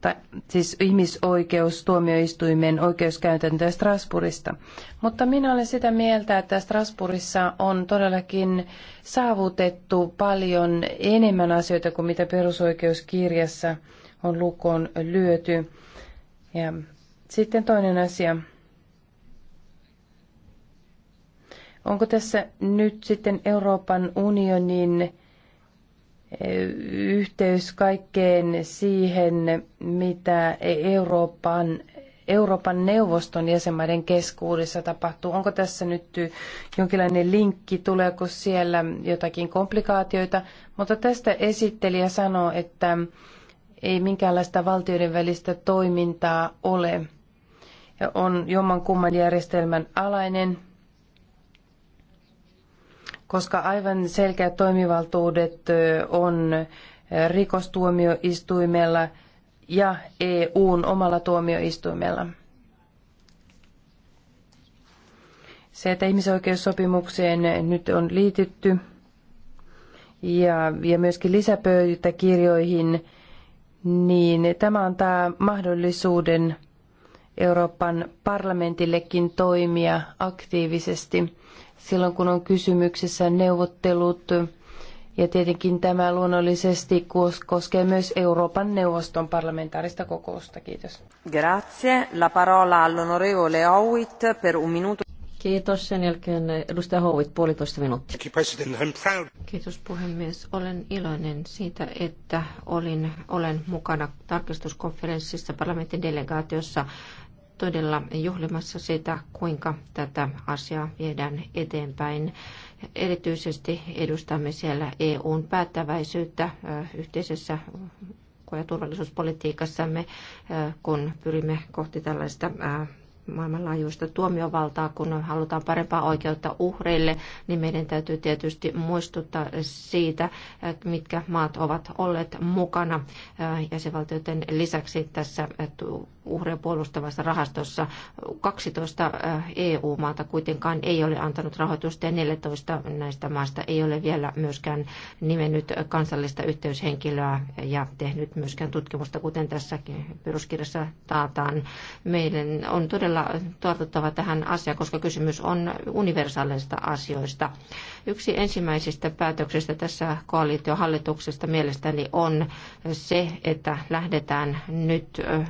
tai siis ihmisoikeustuomioistuimen oikeuskäytäntöä Strasbourgista? Mutta minä olen sitä mieltä, että Strasbourgissa on todellakin saavutettu paljon enemmän asioita kuin mitä perusoikeuskirjassa on lukoon lyöty. Ja sitten toinen asia. Onko tässä nyt sitten Euroopan unionin eh, yhteys kaikkeen siihen, mitä Euroopan, Euroopan neuvoston jäsenmaiden keskuudessa tapahtuu? Onko tässä nyt jonkinlainen linkki, tuleeko siellä jotakin komplikaatioita? Mutta tästä esittelijä sanoo, että ei minkäänlaista valtioiden välistä toimintaa ole. ja On jomman kumman järjestelmän alainen, koska aivan selkeät toimivaltuudet on rikostuomioistuimella ja EUn omalla tuomioistuimella. Se, että ihmisoikeussopimukseen nyt on liitytty ja, ja myöskin lisäpöytäkirjoihin, niin tämä antaa mahdollisuuden Euroopan parlamentillekin toimia aktiivisesti silloin, kun on kysymyksessä neuvottelut. Ja tietenkin tämä luonnollisesti koskee myös Euroopan neuvoston parlamentaarista kokousta. Kiitos. Grazie. La parola all'onorevole Howitt per un minuto. Kiitos. Sen jälkeen edustaja Howitt, puolitoista minuuttia. Kiitos puhemies. Olen iloinen siitä, että olin, olen mukana tarkistuskonferenssissa parlamentin delegaatiossa todella juhlimassa sitä, kuinka tätä asiaa viedään eteenpäin. Erityisesti edustamme siellä EUn päättäväisyyttä yhteisessä ulko- ja turvallisuuspolitiikassamme, kun pyrimme kohti tällaista maailmanlaajuista tuomiovaltaa, kun halutaan parempaa oikeutta uhreille, niin meidän täytyy tietysti muistuttaa siitä, mitkä maat ovat olleet mukana jäsenvaltioiden lisäksi tässä uhreja puolustavassa rahastossa. 12 äh, EU-maata kuitenkaan ei ole antanut rahoitusta ja 14 näistä maista ei ole vielä myöskään nimennyt kansallista yhteyshenkilöä ja tehnyt myöskään tutkimusta, kuten tässä peruskirjassa taataan. Meidän on todella tartuttava tähän asiaan, koska kysymys on universaaleista asioista. Yksi ensimmäisistä päätöksistä tässä koalitiohallituksesta mielestäni on se, että lähdetään nyt äh,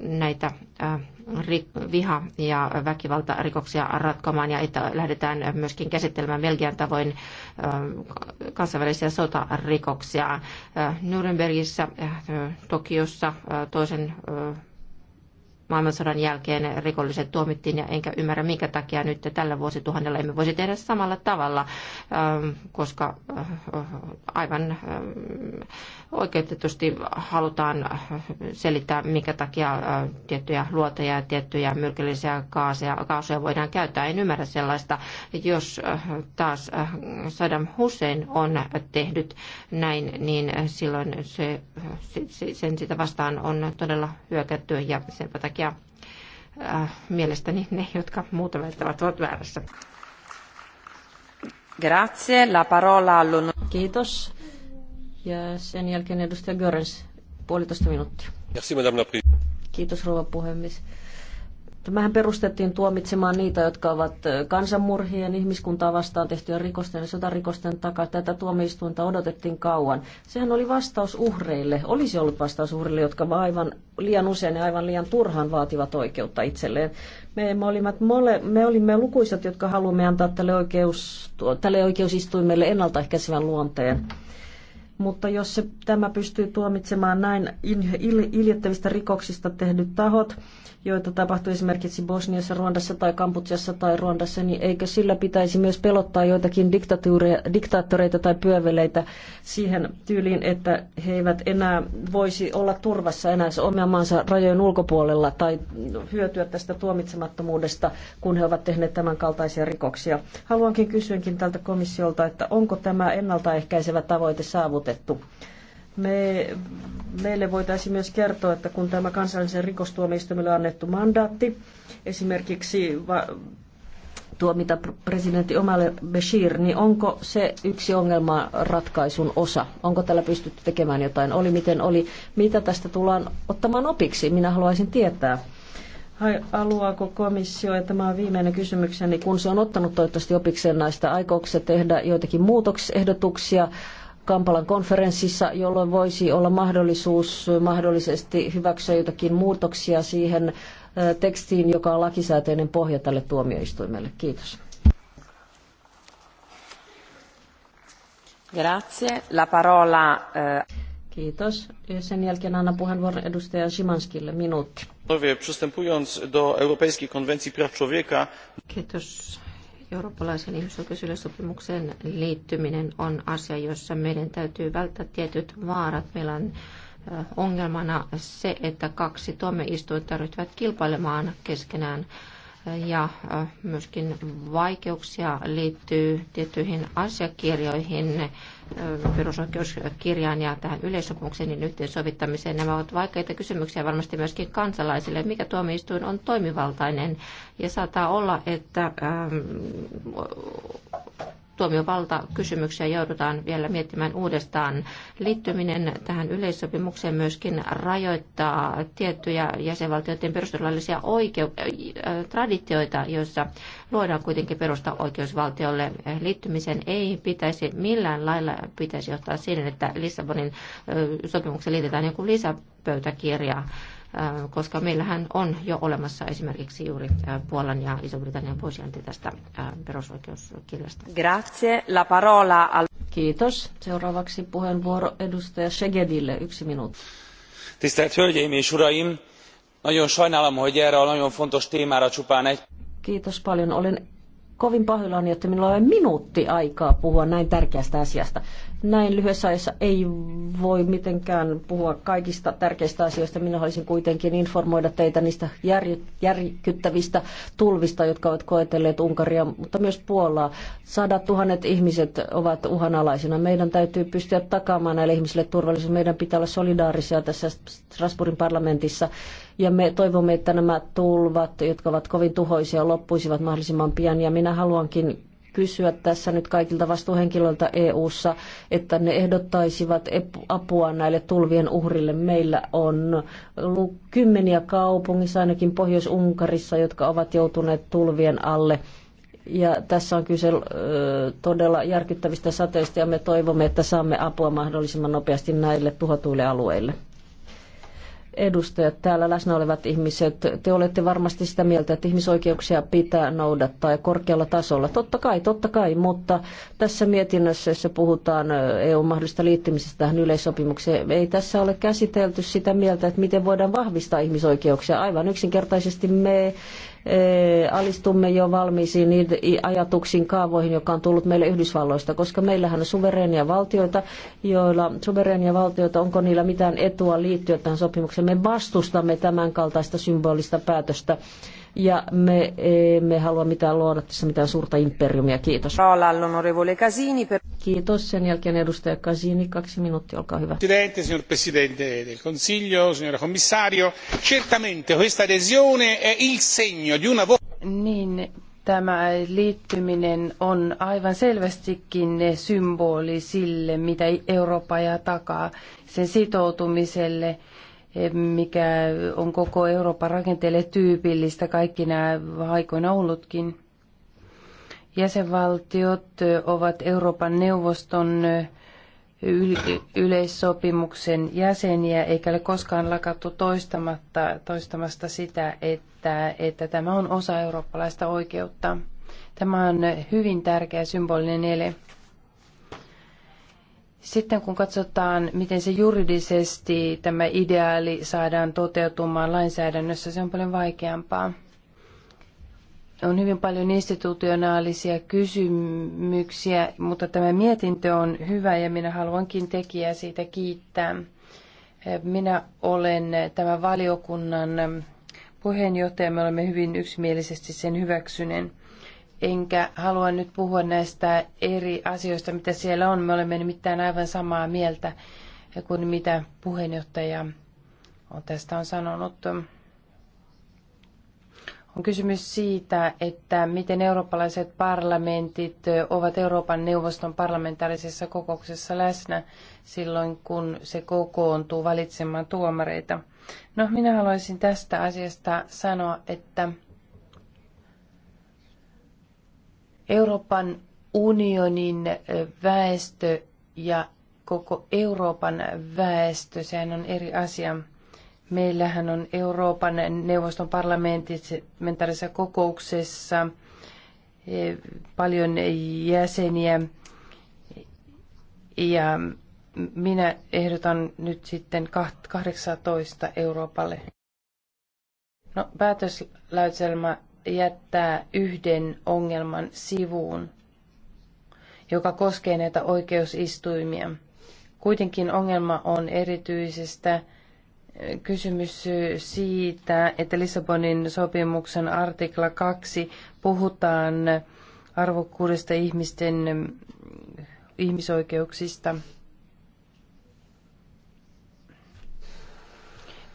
näitä viha- ja väkivaltarikoksia ratkomaan ja että lähdetään myöskin käsittelemään Belgian tavoin kansainvälisiä sotarikoksia. Nurembergissä, Tokiossa, toisen maailmansodan jälkeen rikolliset tuomittiin ja enkä ymmärrä minkä takia nyt tällä vuosituhannella emme voisi tehdä samalla tavalla, ähm, koska äh, aivan ähm, oikeutetusti halutaan äh, selittää minkä takia äh, tiettyjä luoteja ja tiettyjä myrkyllisiä kaasuja, kaasuja voidaan käyttää. En ymmärrä sellaista, jos taas Saddam Hussein on tehnyt näin, niin silloin se, sen sitä vastaan on todella hyökätty ja sen takia ja äh, mielestäni ne, jotka muuta väittävät, ovat väärässä. Grazie, la parola all'on... Kiitos. Ja sen jälkeen edustaja Görens, puolitoista minuuttia. Merci, madame la Kiitos rouva puhemies. Tämähän perustettiin tuomitsemaan niitä, jotka ovat kansanmurhien, ihmiskuntaa vastaan tehtyjä rikosten ja sotarikosten takaa. Tätä tuomioistuinta odotettiin kauan. Sehän oli vastaus uhreille, olisi ollut vastaus uhreille, jotka aivan liian usein ja aivan liian turhaan vaativat oikeutta itselleen. Me, me, olimme, mole, me olimme lukuisat, jotka haluamme antaa tälle, oikeus, tälle oikeusistuimelle ennaltaehkäisevän luonteen. Mm mutta jos se, tämä pystyy tuomitsemaan näin iljettävistä rikoksista tehdyt tahot, joita tapahtuu esimerkiksi Bosniassa, Ruandassa tai Kamputsiassa tai Ruandassa, niin eikö sillä pitäisi myös pelottaa joitakin diktaattoreita tai pyöveleitä siihen tyyliin, että he eivät enää voisi olla turvassa enää omia maansa rajojen ulkopuolella tai hyötyä tästä tuomitsemattomuudesta, kun he ovat tehneet tämän kaltaisia rikoksia. Haluankin kysyäkin tältä komissiolta, että onko tämä ennaltaehkäisevä tavoite saavutettu? toteutettu. Me, meille voitaisiin myös kertoa, että kun tämä kansallisen rikostuomioistuimelle annettu mandaatti, esimerkiksi va, mitä presidentti Omalle Bashir, niin onko se yksi ongelma ratkaisun osa? Onko tällä pystytty tekemään jotain? Oli miten oli? Mitä tästä tullaan ottamaan opiksi? Minä haluaisin tietää. Haluaako komissio, ja tämä on viimeinen kysymykseni, kun se on ottanut toivottavasti opikseen näistä, aikooko se tehdä joitakin muutosehdotuksia Kampalan konferenssissa, jolloin voisi olla mahdollisuus mahdollisesti hyväksyä jotakin muutoksia siihen tekstiin, joka on lakisääteinen pohja tälle tuomioistuimelle. Kiitos. Grazie. La parola, Kiitos. Sen jälkeen annan puheenvuoron edustaja Simanskille minuutti. Przystępując do Europejskiej Konwencji Praw Człowieka. Kiitos eurooppalaisen ihmisoikeusyleissopimukseen liittyminen on asia, jossa meidän täytyy välttää tietyt vaarat. Meillä on ongelmana se, että kaksi tuomioistuinta ryhtyvät kilpailemaan keskenään ja myöskin vaikeuksia liittyy tiettyihin asiakirjoihin, perusoikeuskirjaan ja tähän yleissopimuksen niin yhteensovittamiseen. Nämä ovat vaikeita kysymyksiä varmasti myöskin kansalaisille. Mikä tuomioistuin on toimivaltainen? Ja saattaa olla, että ähm, tuomiovaltakysymyksiä joudutaan vielä miettimään uudestaan. Liittyminen tähän yleissopimukseen myöskin rajoittaa tiettyjä jäsenvaltioiden perustuslaillisia oikeu- äh, traditioita, joissa luodaan kuitenkin perusta oikeusvaltiolle. Liittymisen ei pitäisi millään lailla pitäisi johtaa siihen, että Lissabonin äh, sopimuksen liitetään joku lisäpöytäkirja Äh, koska meillähän on jo olemassa esimerkiksi juuri äh, Puolan ja Iso-Britannian poisjäänti tästä äh, perusoikeuskirjasta. Grazie. La parola al... Kiitos. Seuraavaksi puheenvuoro edustaja Segedille. Yksi minuutti. Tisztelt Hölgyeim és Uraim! Nagyon sajnálom, hogy erre a nagyon fontos témára csupán egy... Kiitos paljon. Olen kovin pahoillani, että minulla on minuutti aikaa puhua näin tärkeästä asiasta. Näin lyhyessä ajassa ei voi mitenkään puhua kaikista tärkeistä asioista. Minä haluaisin kuitenkin informoida teitä niistä järkyttävistä tulvista, jotka ovat koetelleet Unkaria, mutta myös Puolaa. Sadat tuhannet ihmiset ovat uhanalaisina. Meidän täytyy pystyä takaamaan näille ihmisille turvallisuus. Meidän pitää olla solidaarisia tässä Strasbourgin parlamentissa. Ja me toivomme, että nämä tulvat, jotka ovat kovin tuhoisia, loppuisivat mahdollisimman pian. Ja minä haluankin kysyä tässä nyt kaikilta vastuuhenkilöiltä EU:ssa, että ne ehdottaisivat apua näille tulvien uhrille. Meillä on ollut kymmeniä kaupungissa, ainakin Pohjois-Unkarissa, jotka ovat joutuneet tulvien alle. Ja tässä on kyse todella järkyttävistä sateista ja me toivomme, että saamme apua mahdollisimman nopeasti näille tuhotuille alueille edustajat, täällä läsnä olevat ihmiset, te olette varmasti sitä mieltä, että ihmisoikeuksia pitää noudattaa ja korkealla tasolla. Totta kai, totta kai, mutta tässä mietinnössä, jossa puhutaan EUn mahdollisesta liittymisestä tähän yleissopimukseen, ei tässä ole käsitelty sitä mieltä, että miten voidaan vahvistaa ihmisoikeuksia. Aivan yksinkertaisesti me Eh, alistumme jo valmiisiin ajatuksiin kaavoihin, joka on tullut meille Yhdysvalloista, koska meillähän on suvereenia valtioita, joilla suvereenia valtioita, onko niillä mitään etua liittyä tähän sopimukseen. Me vastustamme tämän kaltaista symbolista päätöstä ja me emme halua mitään luoda tässä mitään suurta imperiumia. Kiitos. Kiitos. Sen jälkeen edustaja Casini, kaksi minuuttia, olkaa hyvä. Presidente, signor Presidente del Consiglio, signora Commissario, certamente questa adesione è il segno di una... Niin, tämä liittyminen on aivan selvästikin symboli sille, mitä Eurooppa ja takaa sen sitoutumiselle – mikä on koko Euroopan rakenteelle tyypillistä kaikki nämä aikoina ollutkin. Jäsenvaltiot ovat Euroopan neuvoston yleissopimuksen jäseniä, eikä ole koskaan lakattu toistamatta, toistamasta sitä, että, että tämä on osa eurooppalaista oikeutta. Tämä on hyvin tärkeä symbolinen ele. Sitten kun katsotaan, miten se juridisesti tämä ideaali saadaan toteutumaan lainsäädännössä, se on paljon vaikeampaa. On hyvin paljon institutionaalisia kysymyksiä, mutta tämä mietintö on hyvä ja minä haluankin tekijää siitä kiittää. Minä olen tämän valiokunnan puheenjohtaja, me olemme hyvin yksimielisesti sen hyväksyneen enkä halua nyt puhua näistä eri asioista, mitä siellä on. Me olemme nimittäin aivan samaa mieltä kuin mitä puheenjohtaja on tästä on sanonut. On kysymys siitä, että miten eurooppalaiset parlamentit ovat Euroopan neuvoston parlamentaarisessa kokouksessa läsnä silloin, kun se kokoontuu valitsemaan tuomareita. No, minä haluaisin tästä asiasta sanoa, että Euroopan unionin väestö ja koko Euroopan väestö, sehän on eri asia. Meillähän on Euroopan neuvoston parlamentaarisessa kokouksessa paljon jäseniä ja minä ehdotan nyt sitten 18 Euroopalle. No, päätöslauselma jättää yhden ongelman sivuun, joka koskee näitä oikeusistuimia. Kuitenkin ongelma on erityisestä kysymys siitä, että Lissabonin sopimuksen artikla 2 puhutaan arvokkuudesta ihmisten ihmisoikeuksista –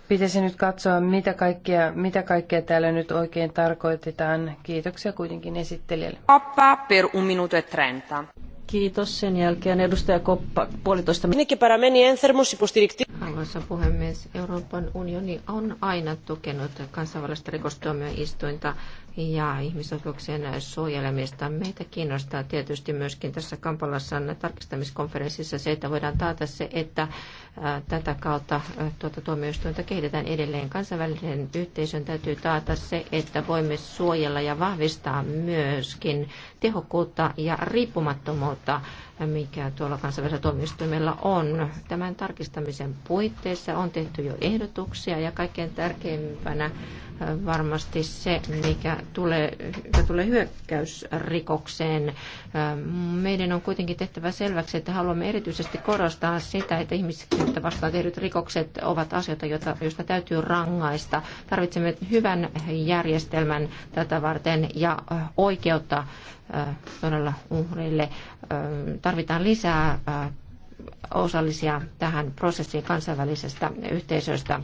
Pitäisi nyt katsoa, mitä kaikkea, mitä kaikkea täällä nyt oikein tarkoitetaan. Kiitoksia kuitenkin esittelijälle. Koppa per un minuto e trenta. Kiitos. Sen jälkeen edustaja Koppa, puolitoista minuuttia. Arvoisa puhemies, Euroopan unioni on aina tukenut kansainvälistä rikostuomioistuinta ja ihmisoikeuksien suojelemista. Meitä kiinnostaa tietysti myöskin tässä Kampalassan tarkistamiskonferenssissa se, että voidaan taata se, että tätä kautta tuota tuomioistuinta kehitetään edelleen. Kansainvälisen yhteisön täytyy taata se, että voimme suojella ja vahvistaa myöskin tehokkuutta ja riippumattomuutta mikä tuolla kansainvälisellä tuomioistuimella on. Tämän tarkistamisen puitteissa on tehty jo ehdotuksia ja kaikkein tärkeimpänä varmasti se, mikä tulee, mikä tulee hyökkäysrikokseen. Meidän on kuitenkin tehtävä selväksi, että haluamme erityisesti korostaa sitä, että ihmiset vastaan tehdyt rikokset ovat asioita, joita, joista täytyy rangaista. Tarvitsemme hyvän järjestelmän tätä varten ja oikeutta todella uhrille tarvitaan lisää osallisia tähän prosessiin kansainvälisestä yhteisöstä.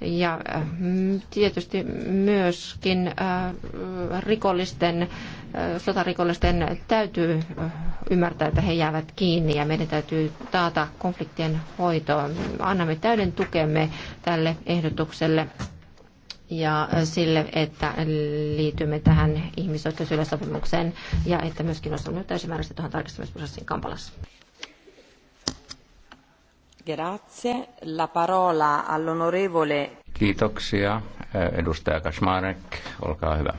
Ja tietysti myöskin rikollisten, sotarikollisten täytyy ymmärtää, että he jäävät kiinni ja meidän täytyy taata konfliktien hoitoa, Annamme täyden tukemme tälle ehdotukselle ja sille, että liitymme tähän ihmisoikeusyleissopimukseen ja että myöskin osallistumme täysimääräisesti tuohon tarkistamisprosessiin Kampalassa. Grazie. La parola all'onorevole. Kiitoksia. Edustaja Kaczmarek, olkaa hyvä.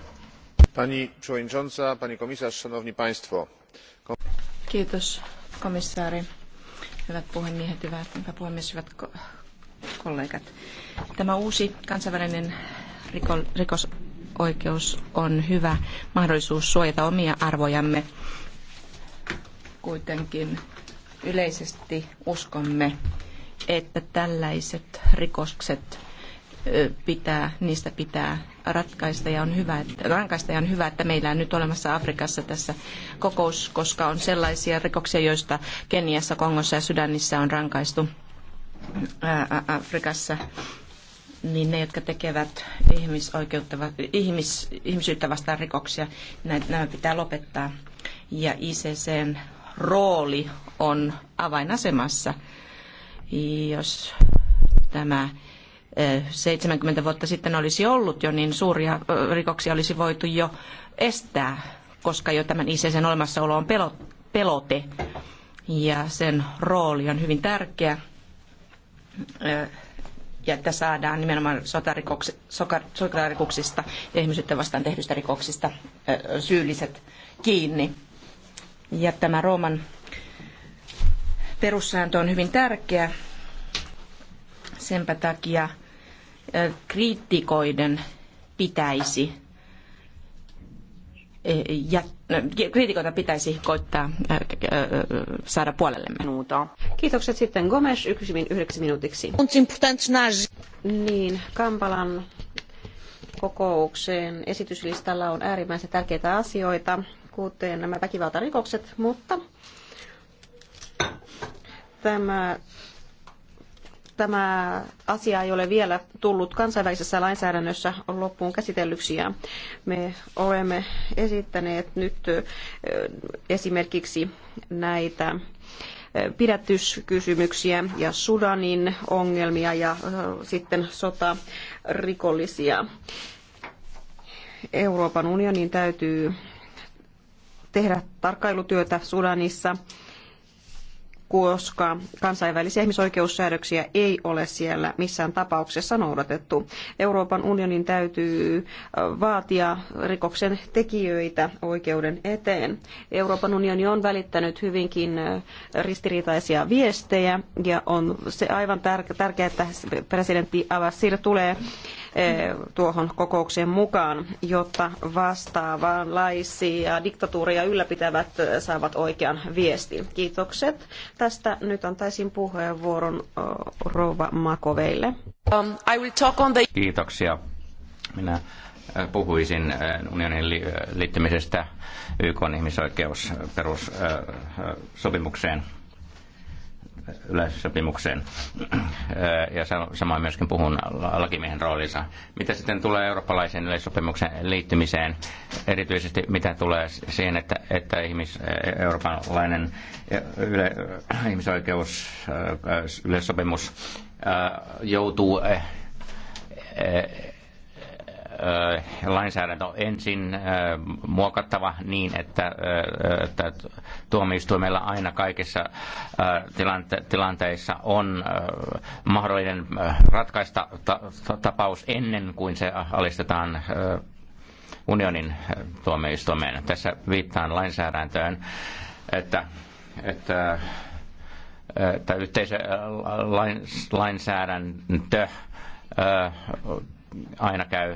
Pani przewodnicząca, pani komisarz, szanowni państwo. Kom Kiitos komissaari. Hyvät puhemiehet, hyvät, hyvä puhemies, hyvät kollegat. Tämä uusi kansainvälinen rikosoikeus on hyvä mahdollisuus suojata omia arvojamme. Kuitenkin yleisesti uskomme, että tällaiset rikokset pitää, niistä pitää ratkaista ja on hyvä, että, rankaista ja on hyvä, että meillä on nyt olemassa Afrikassa tässä kokous, koska on sellaisia rikoksia, joista Keniassa, Kongossa ja Sydänissä on rankaistu Afrikassa, niin ne, jotka tekevät ihmisoikeutta, ihmis, ihmisyyttä vastaan rikoksia, nämä pitää lopettaa. Ja ICCn rooli on avainasemassa. Jos tämä 70 vuotta sitten olisi ollut jo, niin suuria rikoksia olisi voitu jo estää, koska jo tämän ICCn olemassaolo on pelote ja sen rooli on hyvin tärkeä ja että saadaan nimenomaan sotarikoksista ja ihmisyyttä vastaan tehdyistä rikoksista syylliset kiinni. Ja tämä Rooman perussääntö on hyvin tärkeä. Senpä takia kriitikoiden pitäisi Eh, ja no, kriitikoita pitäisi koittaa äh, äh, äh, saada puolellemme. Kiitokset sitten Gomes yhdeksi minuutiksi. Niin, Kampalan kokoukseen esityslistalla on äärimmäisen tärkeitä asioita, kuten nämä väkivaltarikokset, mutta tämä tämä asia ei ole vielä tullut kansainvälisessä lainsäädännössä loppuun käsitellyksi ja me olemme esittäneet nyt esimerkiksi näitä pidätyskysymyksiä ja Sudanin ongelmia ja sitten sotarikollisia. Euroopan unionin täytyy tehdä tarkkailutyötä Sudanissa koska kansainvälisiä ihmisoikeussäädöksiä ei ole siellä missään tapauksessa noudatettu. Euroopan unionin täytyy vaatia rikoksen tekijöitä oikeuden eteen. Euroopan unioni on välittänyt hyvinkin ristiriitaisia viestejä ja on se aivan tärkeää, että presidentti Avassir tulee Eh, tuohon kokoukseen mukaan, jotta vastaavanlaisia diktatuuria ylläpitävät eh, saavat oikean viestin. Kiitokset. Tästä nyt antaisin puheenvuoron eh, rouva Makoveille. Um, Kiitoksia. Minä puhuisin unionin liittymisestä YK ihmisoikeusperussopimukseen yleissopimukseen. Ja samoin myöskin puhun lakimiehen roolinsa. Mitä sitten tulee eurooppalaisen yleissopimuksen liittymiseen, erityisesti mitä tulee siihen, että, että ihmis, eurooppalainen yle, ihmisoikeus yleissopimus joutuu eh, eh, lainsäädäntö ensin muokattava niin, että, että tuomioistuimella aina kaikissa tilanteissa on mahdollinen ratkaista tapaus ennen kuin se alistetaan unionin tuomioistuimeen. Tässä viittaan lainsäädäntöön, että, että, että yhteisölainsäädäntö aina käy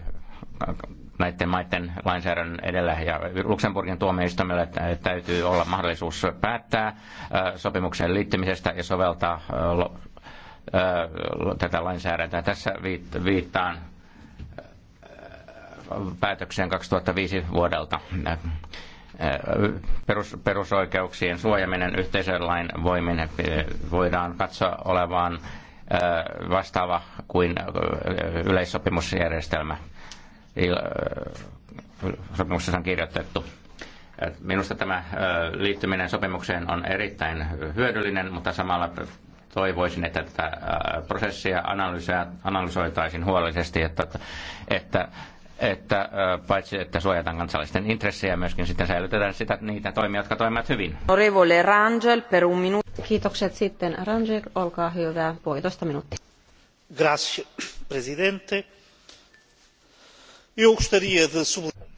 näiden maiden lainsäädännön edellä ja Luxemburgin tuomioistuimelle täytyy olla mahdollisuus päättää sopimukseen liittymisestä ja soveltaa tätä lainsäädäntöä. Tässä viittaan päätökseen 2005 vuodelta. Perus, perusoikeuksien suojaminen lain voimin voidaan katsoa olevaan vastaava kuin yleissopimusjärjestelmä Äh, sopimuksessa on kirjoitettu. Minusta tämä äh, liittyminen sopimukseen on erittäin hyödyllinen, mutta samalla toivoisin, että tätä äh, prosessia analysoitaisiin huolellisesti, että, että, että paitsi että suojataan kansallisten intressejä, myöskin sitten säilytetään sitä, niitä toimia, jotka toimivat hyvin. Rangel per un Kiitokset sitten. Rangel, olkaa hyvä, puolitoista minuuttia. Grazie, presidente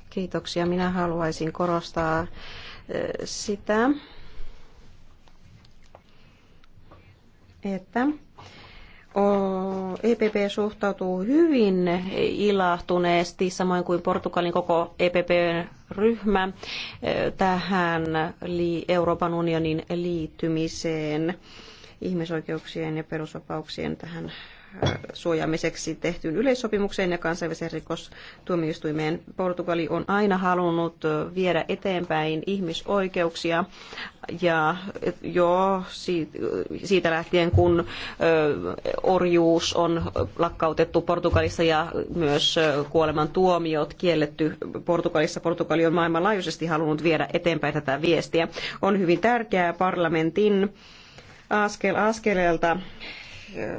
Kiitoksia. Minä haluaisin korostaa eh, sitä, että EPP suhtautuu hyvin ilahtuneesti, samoin kuin Portugalin koko EPP ryhmä, eh, tähän Euroopan unionin liittymiseen ihmisoikeuksien ja perusvapauksien tähän suojaamiseksi tehtyyn yleissopimukseen ja kansainväliseen rikostuomioistuimeen. Portugali on aina halunnut viedä eteenpäin ihmisoikeuksia ja jo siitä lähtien, kun orjuus on lakkautettu Portugalissa ja myös kuolemantuomiot kielletty Portugalissa, Portugali on maailmanlaajuisesti halunnut viedä eteenpäin tätä viestiä. On hyvin tärkeää parlamentin askel askeleelta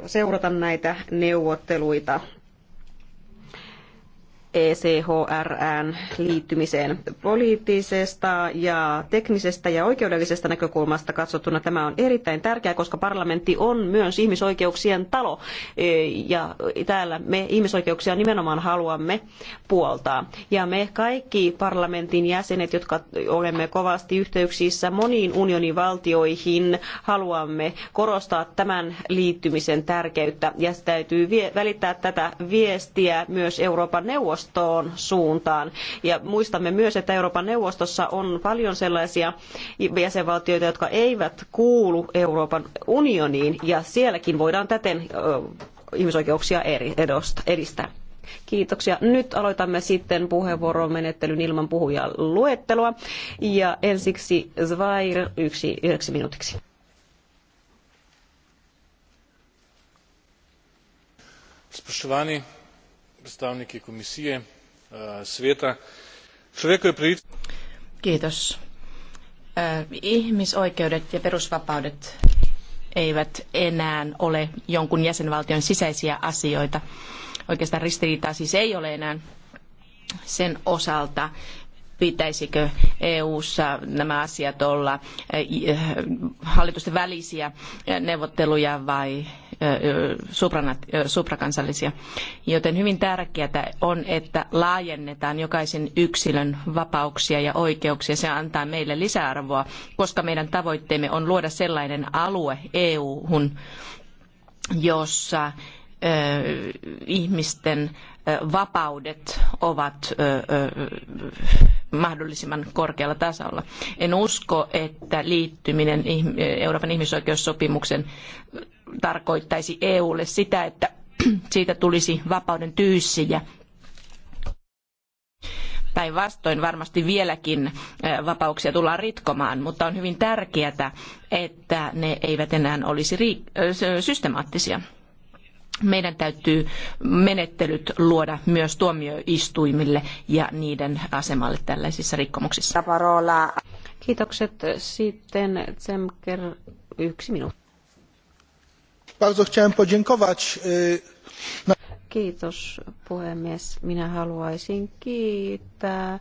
seurata näitä neuvotteluita. ECHR:n liittymiseen poliittisesta ja teknisestä ja oikeudellisesta näkökulmasta katsottuna. Tämä on erittäin tärkeää, koska parlamentti on myös ihmisoikeuksien talo e, ja täällä me ihmisoikeuksia nimenomaan haluamme puoltaa. Ja me kaikki parlamentin jäsenet, jotka olemme kovasti yhteyksissä moniin unionin valtioihin, haluamme korostaa tämän liittymisen tärkeyttä ja täytyy välittää tätä viestiä myös Euroopan neuvostoon neuvostoon suuntaan. Ja muistamme myös, että Euroopan neuvostossa on paljon sellaisia jäsenvaltioita, jotka eivät kuulu Euroopan unioniin, ja sielläkin voidaan täten ihmisoikeuksia edistää. Kiitoksia. Nyt aloitamme sitten puheenvuoromenettelyn ilman puhujan luettelua. Ja ensiksi Zvair yksi, yhdeksi minuutiksi. Spoštovani, predstavniki komisije eh, sveta človekove pravice Kiitos. Eh, ihmisoikeudet ja perusvapaudet eivät enää ole jonkun jäsenvaltion sisäisiä asioita. Oikeastaan ristiriitaa siis ei ole enää sen osalta, pitäisikö EU:ssa nämä asiat olla eh, hallitusten välisiä neuvotteluja vai eh, eh, suprakansallisia. Joten hyvin tärkeää on, että laajennetaan jokaisen yksilön vapauksia ja oikeuksia. Se antaa meille lisäarvoa, koska meidän tavoitteemme on luoda sellainen alue EU-hun, jossa ihmisten vapaudet ovat mahdollisimman korkealla tasolla. En usko, että liittyminen Euroopan ihmisoikeussopimuksen tarkoittaisi EUlle sitä, että siitä tulisi vapauden tyyssiä. Päinvastoin varmasti vieläkin vapauksia tullaan ritkomaan, mutta on hyvin tärkeää, että ne eivät enää olisi systemaattisia meidän täytyy menettelyt luoda myös tuomioistuimille ja niiden asemalle tällaisissa rikkomuksissa. Parola. Kiitokset. Sitten Zemker, yksi minuutti. Bardzo chciałem podziękować. Kiitos puhemies. Minä haluaisin kiittää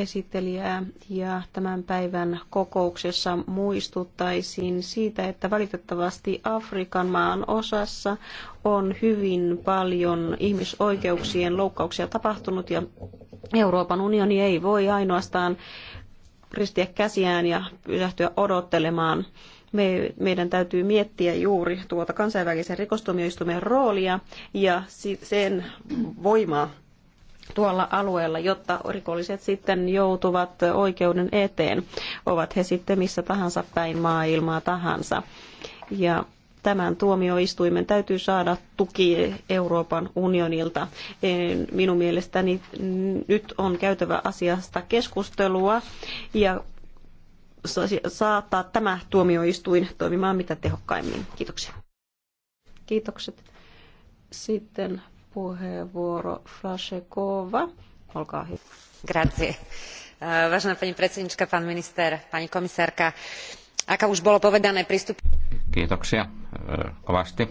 esittelijää ja tämän päivän kokouksessa muistuttaisin siitä, että valitettavasti Afrikan maan osassa on hyvin paljon ihmisoikeuksien loukkauksia tapahtunut ja Euroopan unioni ei voi ainoastaan ristiä käsiään ja pysähtyä odottelemaan. Me, meidän täytyy miettiä juuri tuota kansainvälisen rikostuomioistuimen roolia ja sen voimaa tuolla alueella, jotta rikolliset sitten joutuvat oikeuden eteen, ovat he sitten missä tahansa päin maailmaa tahansa. Ja tämän tuomioistuimen täytyy saada tuki Euroopan unionilta. Minun mielestäni nyt on käytävä asiasta keskustelua ja saattaa tämä tuomioistuin toimimaan mitä tehokkaimmin. Kiitoksia. Kiitokset. Sitten puheenvuoro Flashekova. Olkaa hyvä. Grazie. Eh, vážená pani predsednička, pán minister, pani komisárka, ako už bolo povedané prístup... Kiitoksia eh, kovasti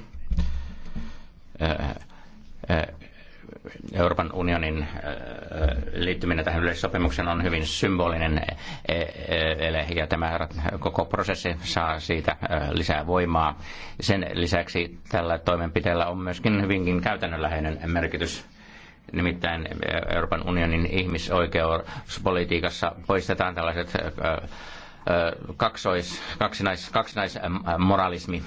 eh, Euroopan unionin äh, liittyminen tähän yleissopimukseen on hyvin symbolinen e, e, ele, ja tämä koko prosessi saa siitä äh, lisää voimaa. Sen lisäksi tällä toimenpiteellä on myöskin hyvinkin käytännönläheinen merkitys Nimittäin äh, Euroopan unionin ihmisoikeuspolitiikassa poistetaan tällaiset kaksinais, kaksinaismoralismi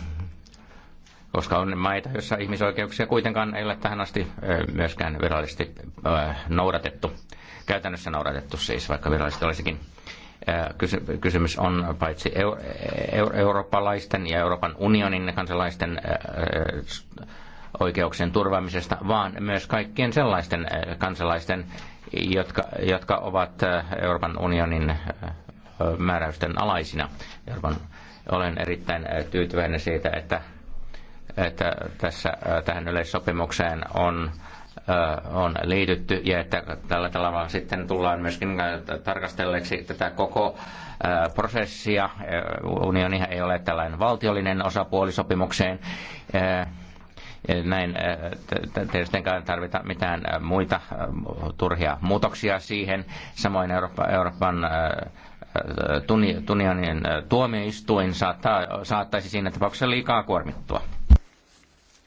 koska on maita, joissa ihmisoikeuksia kuitenkaan ei ole tähän asti myöskään virallisesti noudatettu, käytännössä noudatettu siis, vaikka virallisesti olisikin. Kysymys on paitsi eurooppalaisten ja Euroopan unionin kansalaisten oikeuksien turvaamisesta, vaan myös kaikkien sellaisten kansalaisten, jotka, jotka ovat Euroopan unionin määräysten alaisina. Euroopan, olen erittäin tyytyväinen siitä, että että tässä tähän yleissopimukseen on on liitytty ja että tällä tavalla sitten tullaan myöskin tarkastelleeksi tätä koko prosessia. Unioni ei ole tällainen valtiollinen osapuoli sopimukseen. Näin tietystikään tarvita mitään muita turhia muutoksia siihen. Samoin Eurooppa, Euroopan Tunionin tuomioistuin saattaa, saattaisi siinä tapauksessa liikaa kuormittua.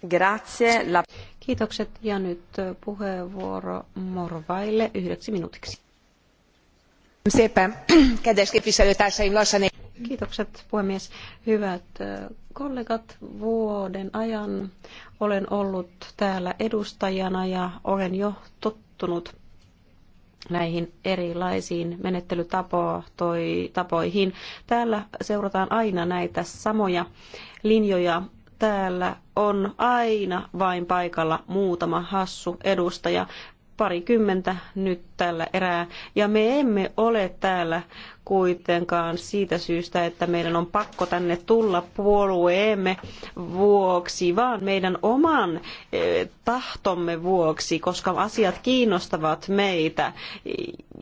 Grazie. La... Kiitokset ja nyt puheenvuoro Morvaille yhdeksi minuutiksi. Kiitokset puhemies. Hyvät kollegat, vuoden ajan olen ollut täällä edustajana ja olen jo tottunut näihin erilaisiin menettelytapoihin. Täällä seurataan aina näitä samoja linjoja täällä on aina vain paikalla muutama hassu edustaja, parikymmentä nyt tällä erää. Ja me emme ole täällä kuitenkaan siitä syystä, että meidän on pakko tänne tulla puolueemme vuoksi, vaan meidän oman eh, tahtomme vuoksi, koska asiat kiinnostavat meitä.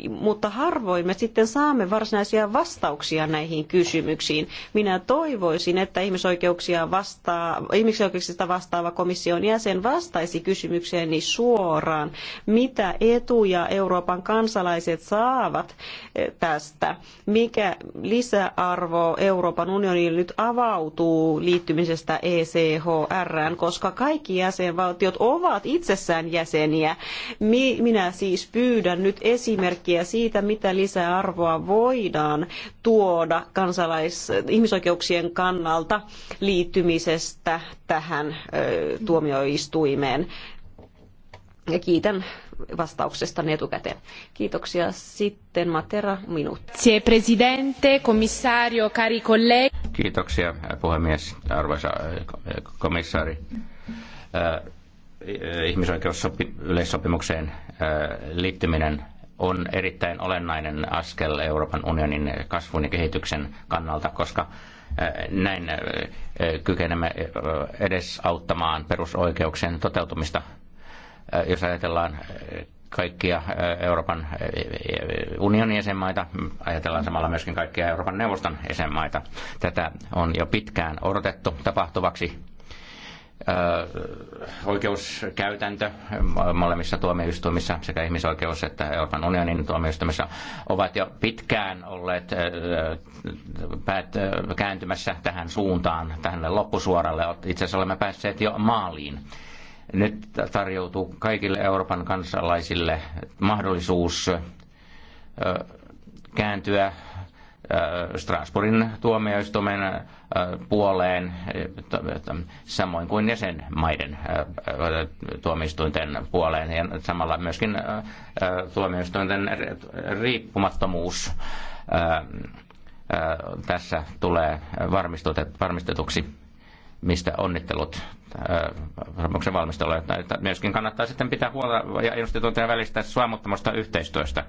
Mutta harvoin me sitten saamme varsinaisia vastauksia näihin kysymyksiin. Minä toivoisin, että ihmisoikeuksia vastaa, ihmisoikeuksista vastaava komission jäsen vastaisi kysymykseeni suoraan, mitä etuja Euroopan Euroopan kansalaiset saavat eh, tästä? Mikä lisäarvo Euroopan unionille nyt avautuu liittymisestä ECHRään, koska kaikki jäsenvaltiot ovat itsessään jäseniä? Minä siis pyydän nyt esimerkkiä siitä, mitä lisäarvoa voidaan tuoda kansalais- ihmisoikeuksien kannalta liittymisestä tähän eh, tuomioistuimeen. Ja kiitän vastauksesta etukäteen. Kiitoksia. Sitten Matera, minuutti. presidente, komissario, cari colleghi. Kiitoksia puhemies, arvoisa eh, komissaari. Eh, eh, Ihmisoikeusyleissopimukseen liittyminen on erittäin olennainen askel Euroopan unionin kasvun ja kehityksen kannalta, koska näin kykenemme edesauttamaan perusoikeuksien toteutumista Äh, jos ajatellaan äh, kaikkia äh, Euroopan unionin jäsenmaita, mm, ajatellaan samalla myöskin kaikkia Euroopan neuvoston jäsenmaita. Tätä on jo pitkään odotettu tapahtuvaksi. Oikeuskäytäntö molemmissa tuomioistuimissa sekä ihmisoikeus- että Euroopan unionin tuomioistuimissa ovat jo pitkään olleet päät, kääntymässä tähän suuntaan, tähän loppusuoralle. Itse asiassa olemme päässeet jo maaliin nyt tarjoutuu kaikille Euroopan kansalaisille mahdollisuus kääntyä Strasbourgin tuomioistuimen puoleen, samoin kuin jäsenmaiden tuomioistuinten puoleen, ja samalla myöskin tuomioistuinten riippumattomuus tässä tulee varmistetuksi mistä onnittelut äh, sopimuksen valmistelulle. Myöskin kannattaa sitten pitää huolta ja instituutioiden välistä suomuttamasta yhteistyöstä.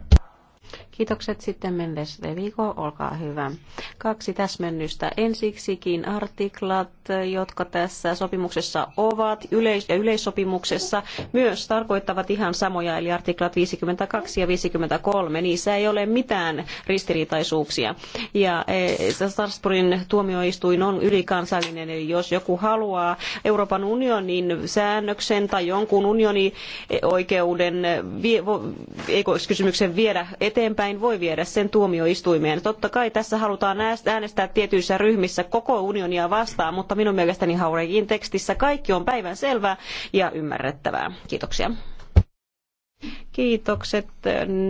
Kiitokset sitten Mendes Levigo, olkaa hyvä. Kaksi täsmennystä. Ensiksikin artiklat, jotka tässä sopimuksessa ovat yleis- ja yleissopimuksessa myös tarkoittavat ihan samoja, eli artiklat 52 ja 53. Niissä ei ole mitään ristiriitaisuuksia. Ja eh, Strasbourgin tuomioistuin on ylikansallinen, eli jos joku haluaa Euroopan unionin säännöksen tai jonkun unionin oikeuden, eikö kysymyksen viedä eteenpäin, näin voi viedä sen tuomioistuimeen. Totta kai tässä halutaan äänestää tietyissä ryhmissä koko unionia vastaan, mutta minun mielestäni Haurekin tekstissä kaikki on päivän selvää ja ymmärrettävää. Kiitoksia. Kiitokset.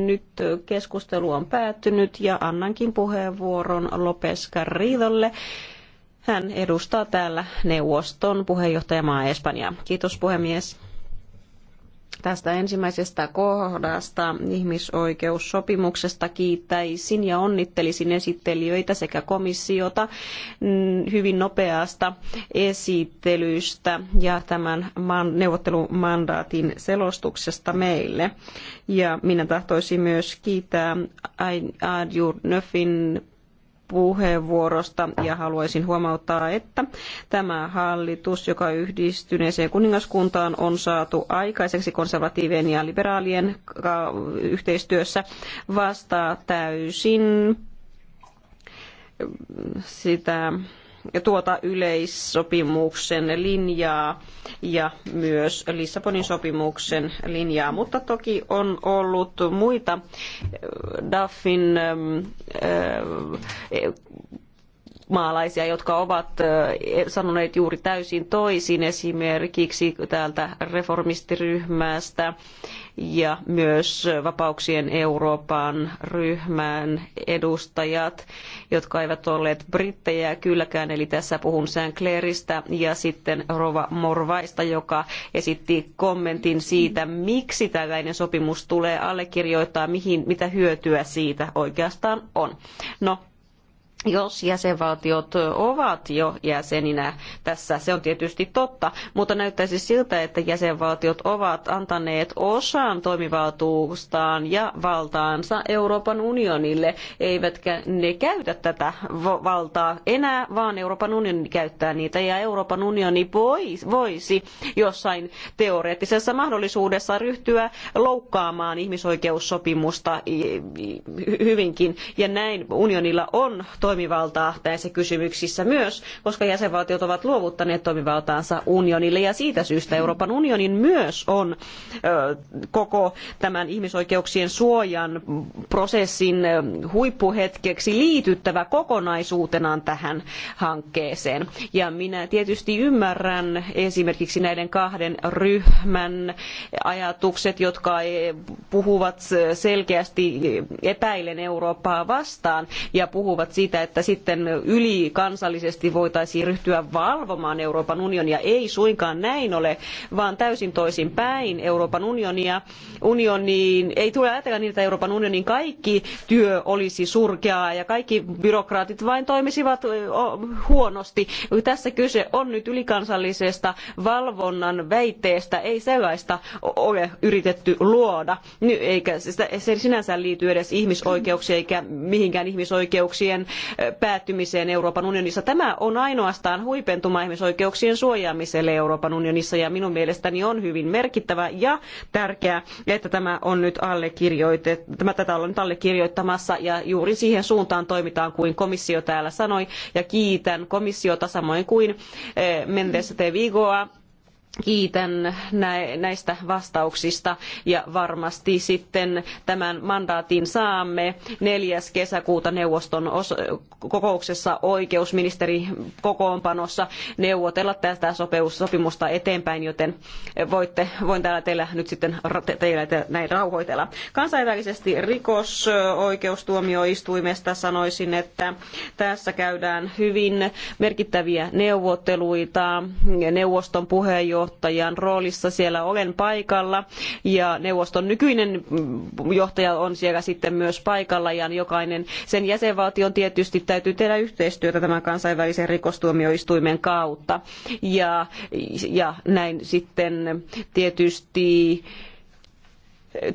Nyt keskustelu on päättynyt ja annankin puheenvuoron Lopes Carridolle. Hän edustaa täällä neuvoston puheenjohtajamaa Espanjaa. Kiitos puhemies. Tästä ensimmäisestä kohdasta ihmisoikeussopimuksesta kiittäisin ja onnittelisin esittelijöitä sekä komissiota mm, hyvin nopeasta esittelystä ja tämän neuvottelumandaatin selostuksesta meille. Ja minä tahtoisin myös kiittää Adjur Nöfin puheenvuorosta ja haluaisin huomauttaa, että tämä hallitus, joka yhdistyneeseen kuningaskuntaan on saatu aikaiseksi konservatiivien ja liberaalien yhteistyössä, vastaa täysin sitä tuota yleissopimuksen linjaa ja myös Lissabonin sopimuksen linjaa, mutta toki on ollut muita eh, DAFin eh, eh, maalaisia, jotka ovat sanoneet juuri täysin toisin esimerkiksi täältä reformistiryhmästä ja myös Vapauksien Euroopan ryhmän edustajat, jotka eivät olleet brittejä kylläkään, eli tässä puhun Sinclairista ja sitten Rova Morvaista, joka esitti kommentin siitä, miksi tällainen sopimus tulee allekirjoittaa, mihin, mitä hyötyä siitä oikeastaan on. No, jos jäsenvaltiot ovat jo jäseninä tässä, se on tietysti totta, mutta näyttäisi siltä, että jäsenvaltiot ovat antaneet osan toimivaltuustaan ja valtaansa Euroopan unionille, eivätkä ne käytä tätä valtaa enää, vaan Euroopan unioni käyttää niitä ja Euroopan unioni voisi jossain teoreettisessa mahdollisuudessa ryhtyä loukkaamaan ihmisoikeussopimusta hyvinkin ja näin unionilla on to- toimivaltaa näissä kysymyksissä myös, koska jäsenvaltiot ovat luovuttaneet toimivaltaansa unionille ja siitä syystä Euroopan unionin myös on koko tämän ihmisoikeuksien suojan prosessin huippuhetkeksi liityttävä kokonaisuutenaan tähän hankkeeseen. Ja minä tietysti ymmärrän esimerkiksi näiden kahden ryhmän ajatukset, jotka e, puhuvat selkeästi epäilen Eurooppaa vastaan ja puhuvat siitä, että sitten ylikansallisesti voitaisiin ryhtyä valvomaan Euroopan unionia. Ei suinkaan näin ole, vaan täysin toisin päin Euroopan unionia. Unioniin, ei tule ajatella niin, että Euroopan unionin kaikki työ olisi surkeaa ja kaikki byrokraatit vain toimisivat huonosti. Tässä kyse on nyt ylikansallisesta valvonnan väitteestä. Ei sellaista ole yritetty luoda, eikä se sinänsä liity edes ihmisoikeuksiin eikä mihinkään ihmisoikeuksien päättymiseen Euroopan unionissa. Tämä on ainoastaan huipentuma ihmisoikeuksien suojaamiselle Euroopan unionissa ja minun mielestäni on hyvin merkittävä ja tärkeää, että tämä on nyt allekirjoitettu, tämä, tätä ollaan nyt allekirjoittamassa ja juuri siihen suuntaan toimitaan kuin komissio täällä sanoi ja kiitän komissiota samoin kuin Mendes de Vigoa kiitän näistä vastauksista ja varmasti sitten tämän mandaatin saamme 4. kesäkuuta neuvoston kokouksessa oikeusministeri kokoonpanossa neuvotella tästä sopimusta eteenpäin, joten voitte, voin täällä teillä nyt sitten teillä näin rauhoitella. Kansainvälisesti rikosoikeustuomioistuimesta sanoisin, että tässä käydään hyvin merkittäviä neuvotteluita neuvoston puheenjohtajan puheenjohtajan roolissa siellä olen paikalla ja neuvoston nykyinen johtaja on siellä sitten myös paikalla ja jokainen sen jäsenvaltion tietysti täytyy tehdä yhteistyötä tämän kansainvälisen rikostuomioistuimen kautta ja, ja näin sitten tietysti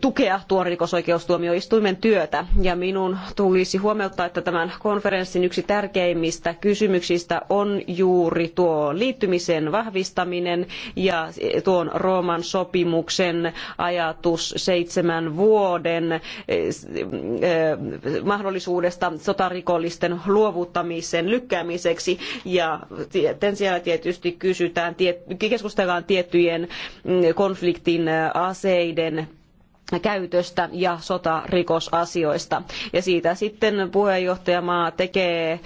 tukea tuon rikosoikeustuomioistuimen työtä. Ja minun tulisi huomauttaa, että tämän konferenssin yksi tärkeimmistä kysymyksistä on juuri tuo liittymisen vahvistaminen ja tuon Rooman sopimuksen ajatus seitsemän vuoden eh, eh, mahdollisuudesta sotarikollisten luovuttamisen lykkäämiseksi. Ja siellä tietysti kysytään, keskustellaan tiettyjen mm, konfliktin eh, aseiden käytöstä ja sotarikosasioista. Ja siitä sitten puheenjohtajamaa tekee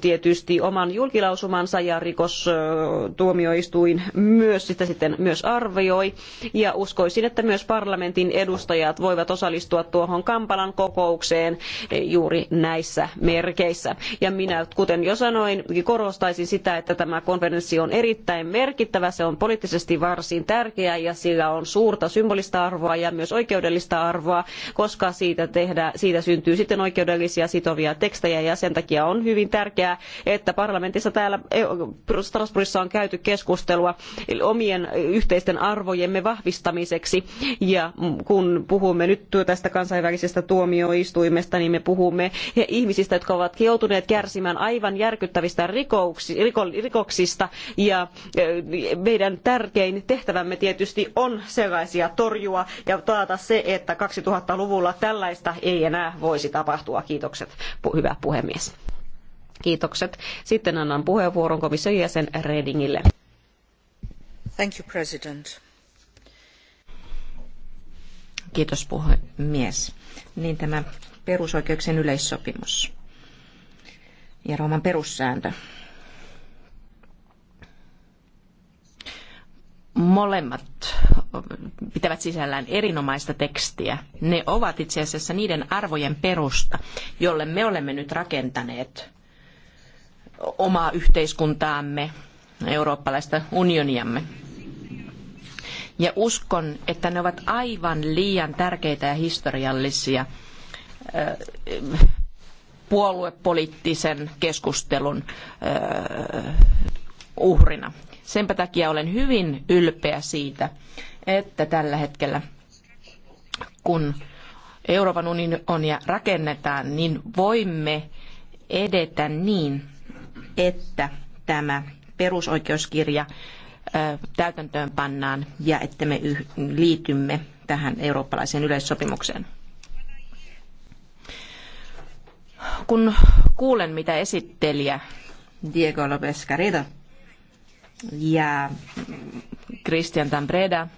tietysti oman julkilausumansa ja rikostuomioistuin myös sitä sitten myös arvioi. Ja uskoisin, että myös parlamentin edustajat voivat osallistua tuohon Kampalan kokoukseen juuri näissä merkeissä. Ja minä, kuten jo sanoin, korostaisin sitä, että tämä konferenssi on erittäin merkittävä, se on poliittisesti varsin tärkeä ja sillä on suurta symbolista arvoa ja myös oikein oikeudellista arvoa, koska siitä, tehdä, siitä syntyy sitten oikeudellisia sitovia tekstejä ja sen takia on hyvin tärkeää, että parlamentissa täällä e, Strasbourgissa on käyty keskustelua omien yhteisten arvojemme vahvistamiseksi ja kun puhumme nyt tästä kansainvälisestä tuomioistuimesta, niin me puhumme ihmisistä, jotka ovat joutuneet kärsimään aivan järkyttävistä rikoksista ja e, meidän tärkein tehtävämme tietysti on sellaisia torjua ja taata se, että 2000-luvulla tällaista ei enää voisi tapahtua. Kiitokset, hyvä puhemies. Kiitokset. Sitten annan puheenvuoron komission jäsen Redingille. Thank you, President. Kiitos puhemies. Niin tämä perusoikeuksien yleissopimus ja Rooman perussääntö molemmat pitävät sisällään erinomaista tekstiä. Ne ovat itse asiassa niiden arvojen perusta, jolle me olemme nyt rakentaneet omaa yhteiskuntaamme, eurooppalaista unioniamme. Ja uskon, että ne ovat aivan liian tärkeitä ja historiallisia puoluepoliittisen keskustelun uhrina Senpä takia olen hyvin ylpeä siitä, että tällä hetkellä, kun Euroopan unionia rakennetaan, niin voimme edetä niin, että tämä perusoikeuskirja täytäntöön pannaan ja että me liitymme tähän eurooppalaiseen yleissopimukseen. Kun kuulen, mitä esittelijä Diego López Garrido ja Christian Tambreda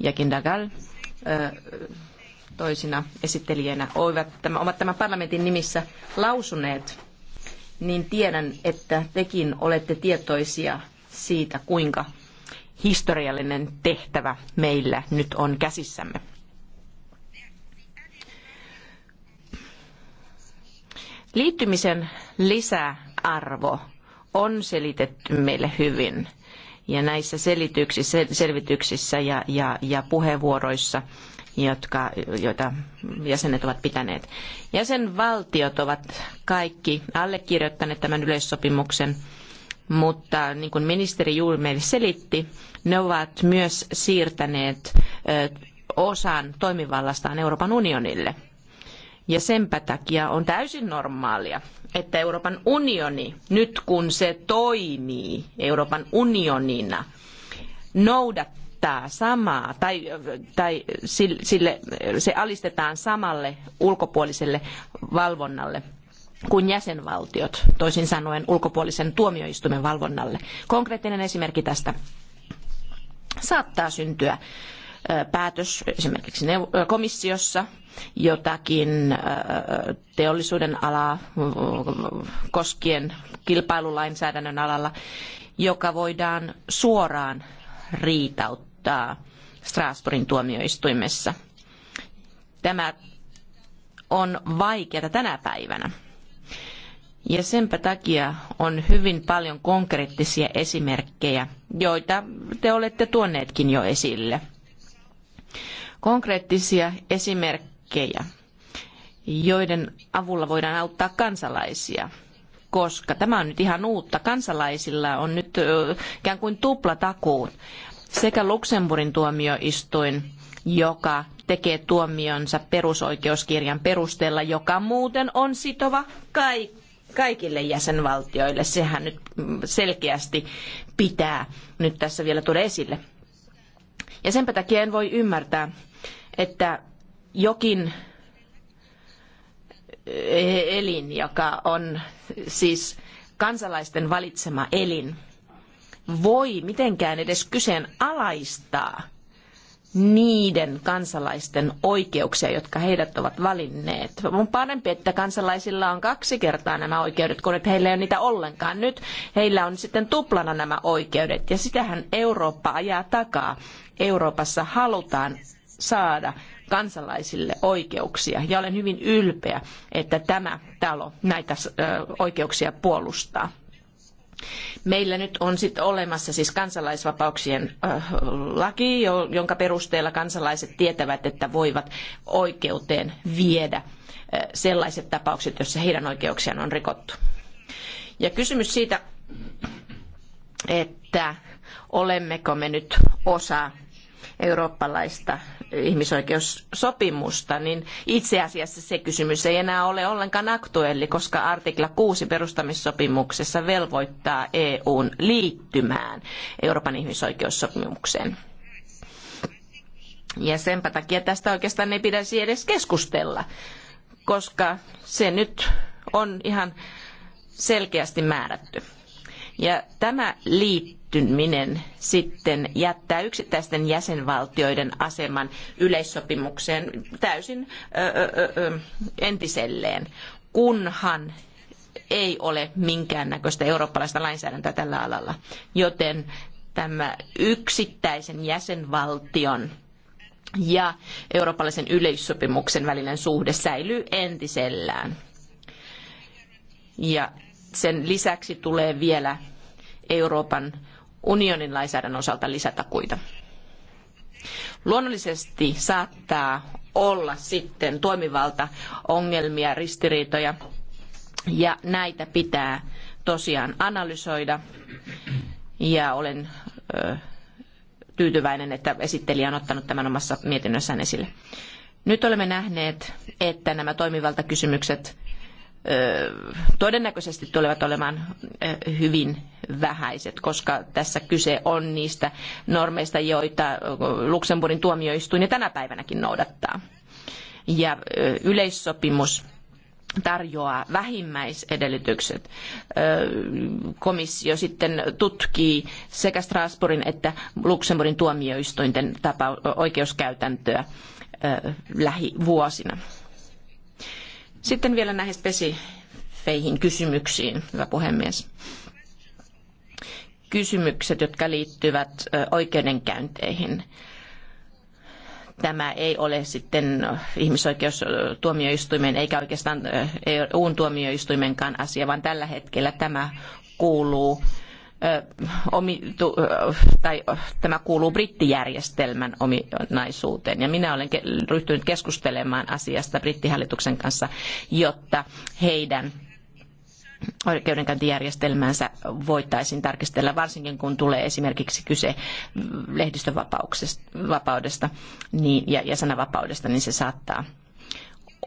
ja Kindagal toisina esittelijänä ovat tämän, ovat tämän parlamentin nimissä lausuneet, niin tiedän, että tekin olette tietoisia siitä, kuinka historiallinen tehtävä meillä nyt on käsissämme. Liittymisen lisäarvo on selitetty meille hyvin – ja näissä selityksissä, selvityksissä ja, ja, ja puheenvuoroissa jotka, joita jäsenet ovat pitäneet. Jäsenvaltiot ovat kaikki allekirjoittaneet tämän yleissopimuksen, mutta niin kuin ministeri juuri meille selitti, ne ovat myös siirtäneet osan toimivallastaan Euroopan unionille – ja senpä takia on täysin normaalia, että Euroopan unioni, nyt kun se toimii Euroopan unionina, noudattaa samaa tai, tai sille, se alistetaan samalle ulkopuoliselle valvonnalle kuin jäsenvaltiot, toisin sanoen ulkopuolisen tuomioistuimen valvonnalle. Konkreettinen esimerkki tästä saattaa syntyä päätös esimerkiksi komissiossa jotakin teollisuuden alaa koskien kilpailulainsäädännön alalla, joka voidaan suoraan riitauttaa Strasbourgin tuomioistuimessa. Tämä on vaikeaa tänä päivänä. Ja senpä takia on hyvin paljon konkreettisia esimerkkejä, joita te olette tuoneetkin jo esille – Konkreettisia esimerkkejä, joiden avulla voidaan auttaa kansalaisia koska tämä on nyt ihan uutta. Kansalaisilla on nyt ikään kuin tuplatakuu. Sekä Luxemburgin tuomioistuin, joka tekee tuomionsa perusoikeuskirjan perusteella, joka muuten on sitova kaikille jäsenvaltioille. Sehän nyt mm, selkeästi pitää nyt tässä vielä tuoda esille. Ja senpä takia en voi ymmärtää, että jokin eh, elin, joka on siis kansalaisten valitsema elin, voi mitenkään edes kyseenalaistaa niiden kansalaisten oikeuksia, jotka heidät ovat valinneet. On parempi, että kansalaisilla on kaksi kertaa nämä oikeudet, kun että heillä ei ole niitä ollenkaan. Nyt heillä on sitten tuplana nämä oikeudet, ja sitähän Eurooppa ajaa takaa. Euroopassa halutaan saada kansalaisille oikeuksia. Ja olen hyvin ylpeä, että tämä talo näitä oikeuksia puolustaa. Meillä nyt on sitten olemassa siis kansalaisvapauksien laki, jonka perusteella kansalaiset tietävät, että voivat oikeuteen viedä sellaiset tapaukset, joissa heidän oikeuksiaan on rikottu. Ja kysymys siitä, että olemmeko me nyt osa eurooppalaista ihmisoikeussopimusta, niin itse asiassa se kysymys ei enää ole ollenkaan aktuelli, koska artikla 6 perustamissopimuksessa velvoittaa EUn liittymään Euroopan ihmisoikeussopimukseen. Ja senpä takia tästä oikeastaan ei pitäisi edes keskustella, koska se nyt on ihan selkeästi määrätty. Ja tämä liittyy liittyminen sitten jättää yksittäisten jäsenvaltioiden aseman yleissopimukseen täysin entiselleen, kunhan ei ole minkäännäköistä eurooppalaista lainsäädäntöä tällä alalla. Joten tämä yksittäisen jäsenvaltion ja eurooppalaisen yleissopimuksen välinen suhde säilyy entisellään. Ja sen lisäksi tulee vielä Euroopan unionin lainsäädännön osalta lisätakuita. Luonnollisesti saattaa olla sitten toimivalta ongelmia, ristiriitoja, ja näitä pitää tosiaan analysoida. Ja olen ö, tyytyväinen, että esittelijä on ottanut tämän omassa mietinnössään esille. Nyt olemme nähneet, että nämä toimivaltakysymykset todennäköisesti tulevat olemaan hyvin vähäiset, koska tässä kyse on niistä normeista, joita Luxemburgin tuomioistuin ja tänä päivänäkin noudattaa. Ja yleissopimus tarjoaa vähimmäisedellytykset. Komissio sitten tutkii sekä Strasbourgin että Luxemburgin tuomioistuinten tapa- oikeuskäytäntöä lähivuosina. Sitten vielä näihin spesifeihin kysymyksiin, hyvä puhemies. Kysymykset, jotka liittyvät oikeudenkäynteihin. Tämä ei ole sitten ihmisoikeustuomioistuimen eikä oikeastaan EUn tuomioistuimenkaan asia, vaan tällä hetkellä tämä kuuluu omitu, tai tämä kuuluu brittijärjestelmän ominaisuuteen. Ja minä olen ryhtynyt keskustelemaan asiasta brittihallituksen kanssa, jotta heidän oikeudenkäyntijärjestelmäänsä voitaisiin tarkistella, varsinkin kun tulee esimerkiksi kyse lehdistönvapaudesta niin, ja, ja sananvapaudesta, niin se saattaa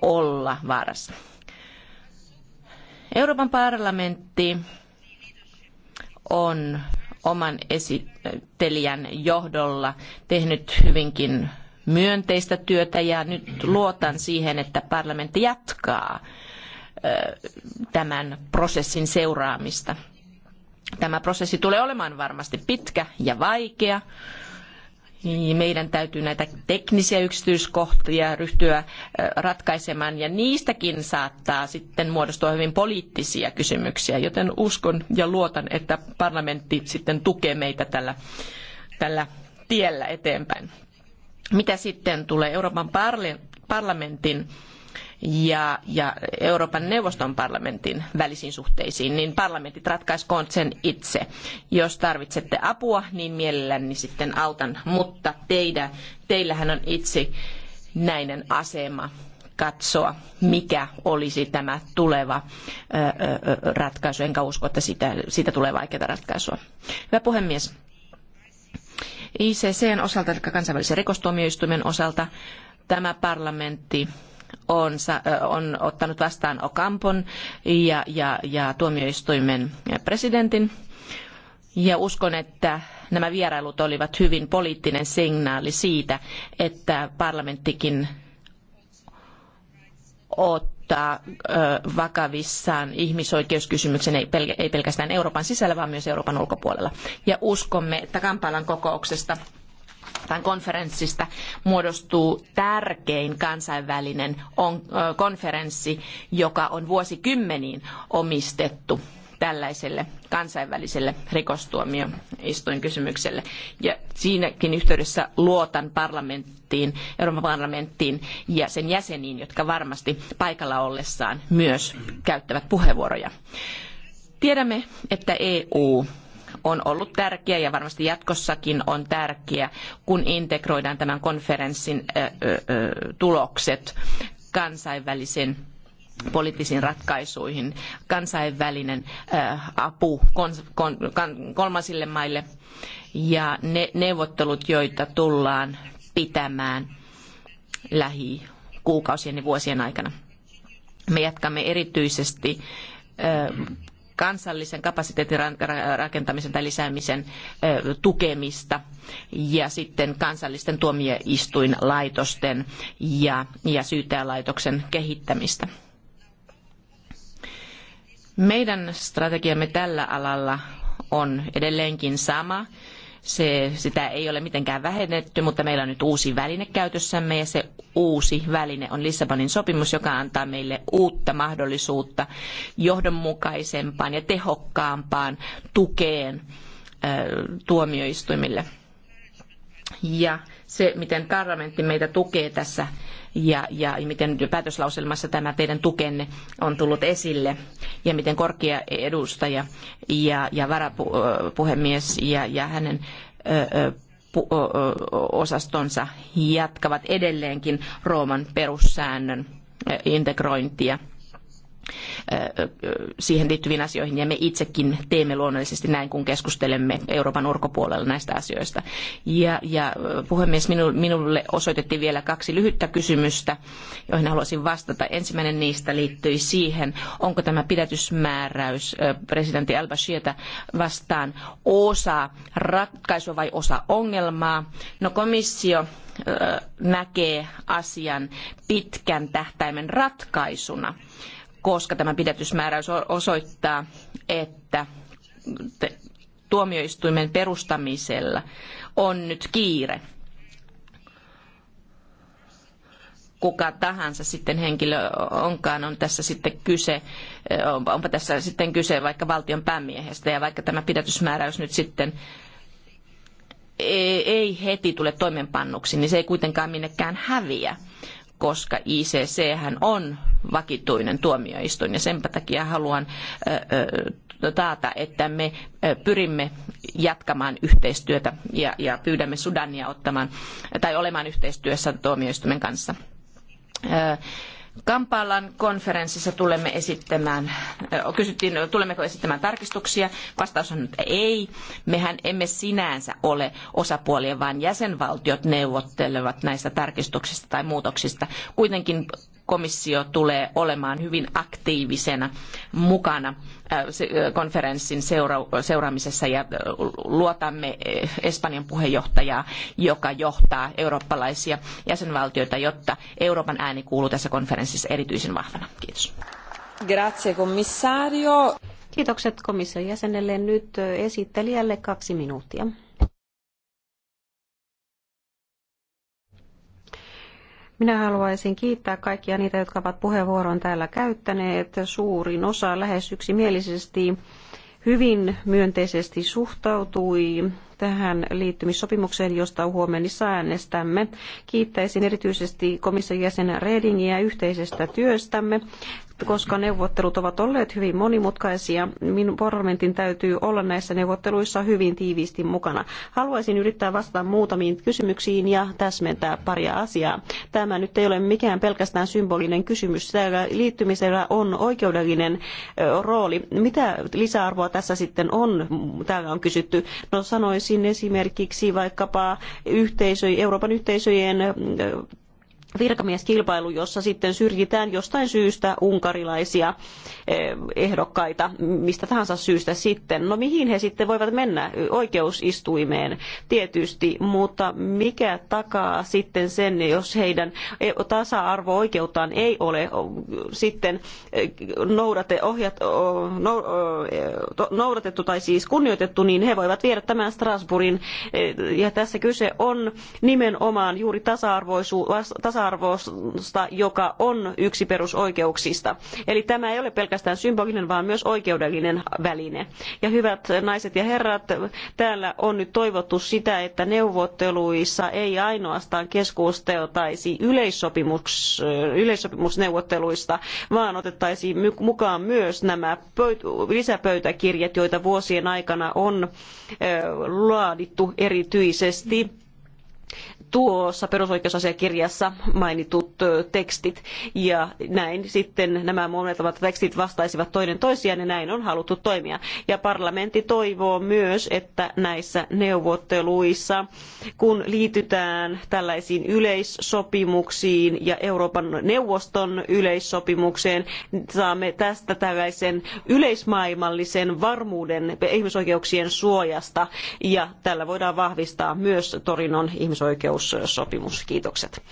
olla vaarassa. Euroopan parlamentti on oman esittelijän johdolla tehnyt hyvinkin myönteistä työtä ja nyt luotan siihen, että parlamentti jatkaa tämän prosessin seuraamista. Tämä prosessi tulee olemaan varmasti pitkä ja vaikea, niin meidän täytyy näitä teknisiä yksityiskohtia ryhtyä ratkaisemaan ja niistäkin saattaa sitten muodostua hyvin poliittisia kysymyksiä, joten uskon ja luotan, että parlamentti sitten tukee meitä tällä, tällä tiellä eteenpäin. Mitä sitten tulee Euroopan parlamentin ja, ja Euroopan neuvoston parlamentin välisiin suhteisiin, niin parlamentit ratkaiskoon sen itse. Jos tarvitsette apua, niin mielelläni sitten autan, mutta teidän, teillähän on itse näinen asema katsoa, mikä olisi tämä tuleva ratkaisu. Enkä usko, että siitä, siitä tulee vaikeaa ratkaisua. Hyvä puhemies. ICCn osalta, eli kansainvälisen rikostuomioistuimen osalta, tämä parlamentti on, on ottanut vastaan Okampon ja, ja, ja tuomioistuimen presidentin. Ja uskon, että nämä vierailut olivat hyvin poliittinen signaali siitä, että parlamenttikin ottaa vakavissaan ihmisoikeuskysymyksen, ei pelkästään Euroopan sisällä, vaan myös Euroopan ulkopuolella. Ja uskomme, että Kampalan kokouksesta tämän konferenssista muodostuu tärkein kansainvälinen konferenssi, joka on vuosikymmeniin omistettu tällaiselle kansainväliselle rikostuomioistuinkysymykselle. Ja siinäkin yhteydessä luotan parlamenttiin, Euroopan parlamenttiin ja sen jäseniin, jotka varmasti paikalla ollessaan myös käyttävät puheenvuoroja. Tiedämme, että EU on ollut tärkeä ja varmasti jatkossakin on tärkeä, kun integroidaan tämän konferenssin tulokset kansainvälisen poliittisiin ratkaisuihin, kansainvälinen apu kolmasille maille ja ne neuvottelut, joita tullaan pitämään lähikuukausien ja vuosien aikana. Me jatkamme erityisesti kansallisen kapasiteetin rakentamisen tai lisäämisen tukemista ja sitten kansallisten tuomioistuinlaitosten ja, ja syyttäjälaitoksen kehittämistä. Meidän strategiamme tällä alalla on edelleenkin sama se, sitä ei ole mitenkään vähennetty, mutta meillä on nyt uusi väline käytössämme ja se uusi väline on Lissabonin sopimus, joka antaa meille uutta mahdollisuutta johdonmukaisempaan ja tehokkaampaan tukeen tuomioistuimille. Ja se, miten parlamentti meitä tukee tässä ja, ja miten päätöslauselmassa tämä teidän tukenne on tullut esille ja miten korkea edustaja ja, ja varapuhemies ja, ja hänen ö, pu, ö, osastonsa jatkavat edelleenkin Rooman perussäännön integrointia siihen liittyviin asioihin, ja me itsekin teemme luonnollisesti näin, kun keskustelemme Euroopan ulkopuolella näistä asioista. Ja, ja puhemies, minulle osoitettiin vielä kaksi lyhyttä kysymystä, joihin haluaisin vastata. Ensimmäinen niistä liittyi siihen, onko tämä pidätysmääräys presidentti al-Bashirta vastaan osa ratkaisua vai osa ongelmaa. No komissio näkee asian pitkän tähtäimen ratkaisuna koska tämä pidätysmääräys osoittaa, että tuomioistuimen perustamisella on nyt kiire. kuka tahansa sitten henkilö onkaan, on tässä sitten kyse, onpa tässä sitten kyse vaikka valtion päämiehestä ja vaikka tämä pidätysmääräys nyt sitten e- ei heti tule toimenpannuksi, niin se ei kuitenkaan minnekään häviä koska ICC hän on vakituinen tuomioistuin ja senpä takia haluan taata, että me pyrimme jatkamaan yhteistyötä ja, pyydämme Sudania ottamaan tai olemaan yhteistyössä tuomioistuimen kanssa Kampalan konferenssissa tulemme esittämään, kysyttiin, tulemmeko esittämään tarkistuksia. Vastaus on, että ei. Mehän emme sinänsä ole osapuolia, vaan jäsenvaltiot neuvottelevat näistä tarkistuksista tai muutoksista. Kuitenkin komissio tulee olemaan hyvin aktiivisena mukana äh, äh, konferenssin seura- seuraamisessa ja äh, luotamme Espanjan puheenjohtajaa, joka johtaa eurooppalaisia jäsenvaltioita, jotta Euroopan ääni kuuluu tässä konferenssissa erityisen vahvana. Kiitos. Grazie, komissario. Kiitokset komission jäsenelle. Nyt esittelijälle kaksi minuuttia. Minä haluaisin kiittää kaikkia niitä, jotka ovat puheenvuoron täällä käyttäneet. Suurin osa lähes yksimielisesti hyvin myönteisesti suhtautui tähän liittymissopimukseen, josta huomenna äänestämme. Kiittäisin erityisesti komission jäsenä Redingiä yhteisestä työstämme koska neuvottelut ovat olleet hyvin monimutkaisia, minun parlamentin täytyy olla näissä neuvotteluissa hyvin tiiviisti mukana. Haluaisin yrittää vastata muutamiin kysymyksiin ja täsmentää paria asiaa. Tämä nyt ei ole mikään pelkästään symbolinen kysymys. Täällä liittymisellä on oikeudellinen rooli. Mitä lisäarvoa tässä sitten on? Täällä on kysytty. No sanoisin esimerkiksi vaikkapa yhteisö, Euroopan yhteisöjen virkamieskilpailu, jossa sitten syrjitään jostain syystä unkarilaisia eh, ehdokkaita, mistä tahansa syystä sitten. No mihin he sitten voivat mennä oikeusistuimeen tietysti, mutta mikä takaa sitten sen, jos heidän eh, tasa-arvo-oikeuttaan ei ole sitten eh, noudate, ohjat, no, noudatettu tai siis kunnioitettu, niin he voivat viedä tämän Strasbourgin. Ja tässä kyse on nimenomaan juuri tasa-arvoisuus, tasa arvosta joka on yksi perusoikeuksista. Eli tämä ei ole pelkästään symbolinen, vaan myös oikeudellinen väline. Ja hyvät naiset ja herrat, täällä on nyt toivottu sitä, että neuvotteluissa ei ainoastaan keskusteltaisi yleissopimus, yleissopimusneuvotteluista, vaan otettaisiin mukaan myös nämä lisäpöytäkirjat, joita vuosien aikana on laadittu erityisesti tuossa perusoikeusasiakirjassa mainitut tekstit. Ja näin sitten nämä molemmat tekstit vastaisivat toinen toisiaan ja näin on haluttu toimia. Ja parlamentti toivoo myös, että näissä neuvotteluissa, kun liitytään tällaisiin yleissopimuksiin ja Euroopan neuvoston yleissopimukseen, saamme tästä tällaisen yleismaailmallisen varmuuden ihmisoikeuksien suojasta ja tällä voidaan vahvistaa myös Torinon ihmisoikeus perussopimus. Kiitokset.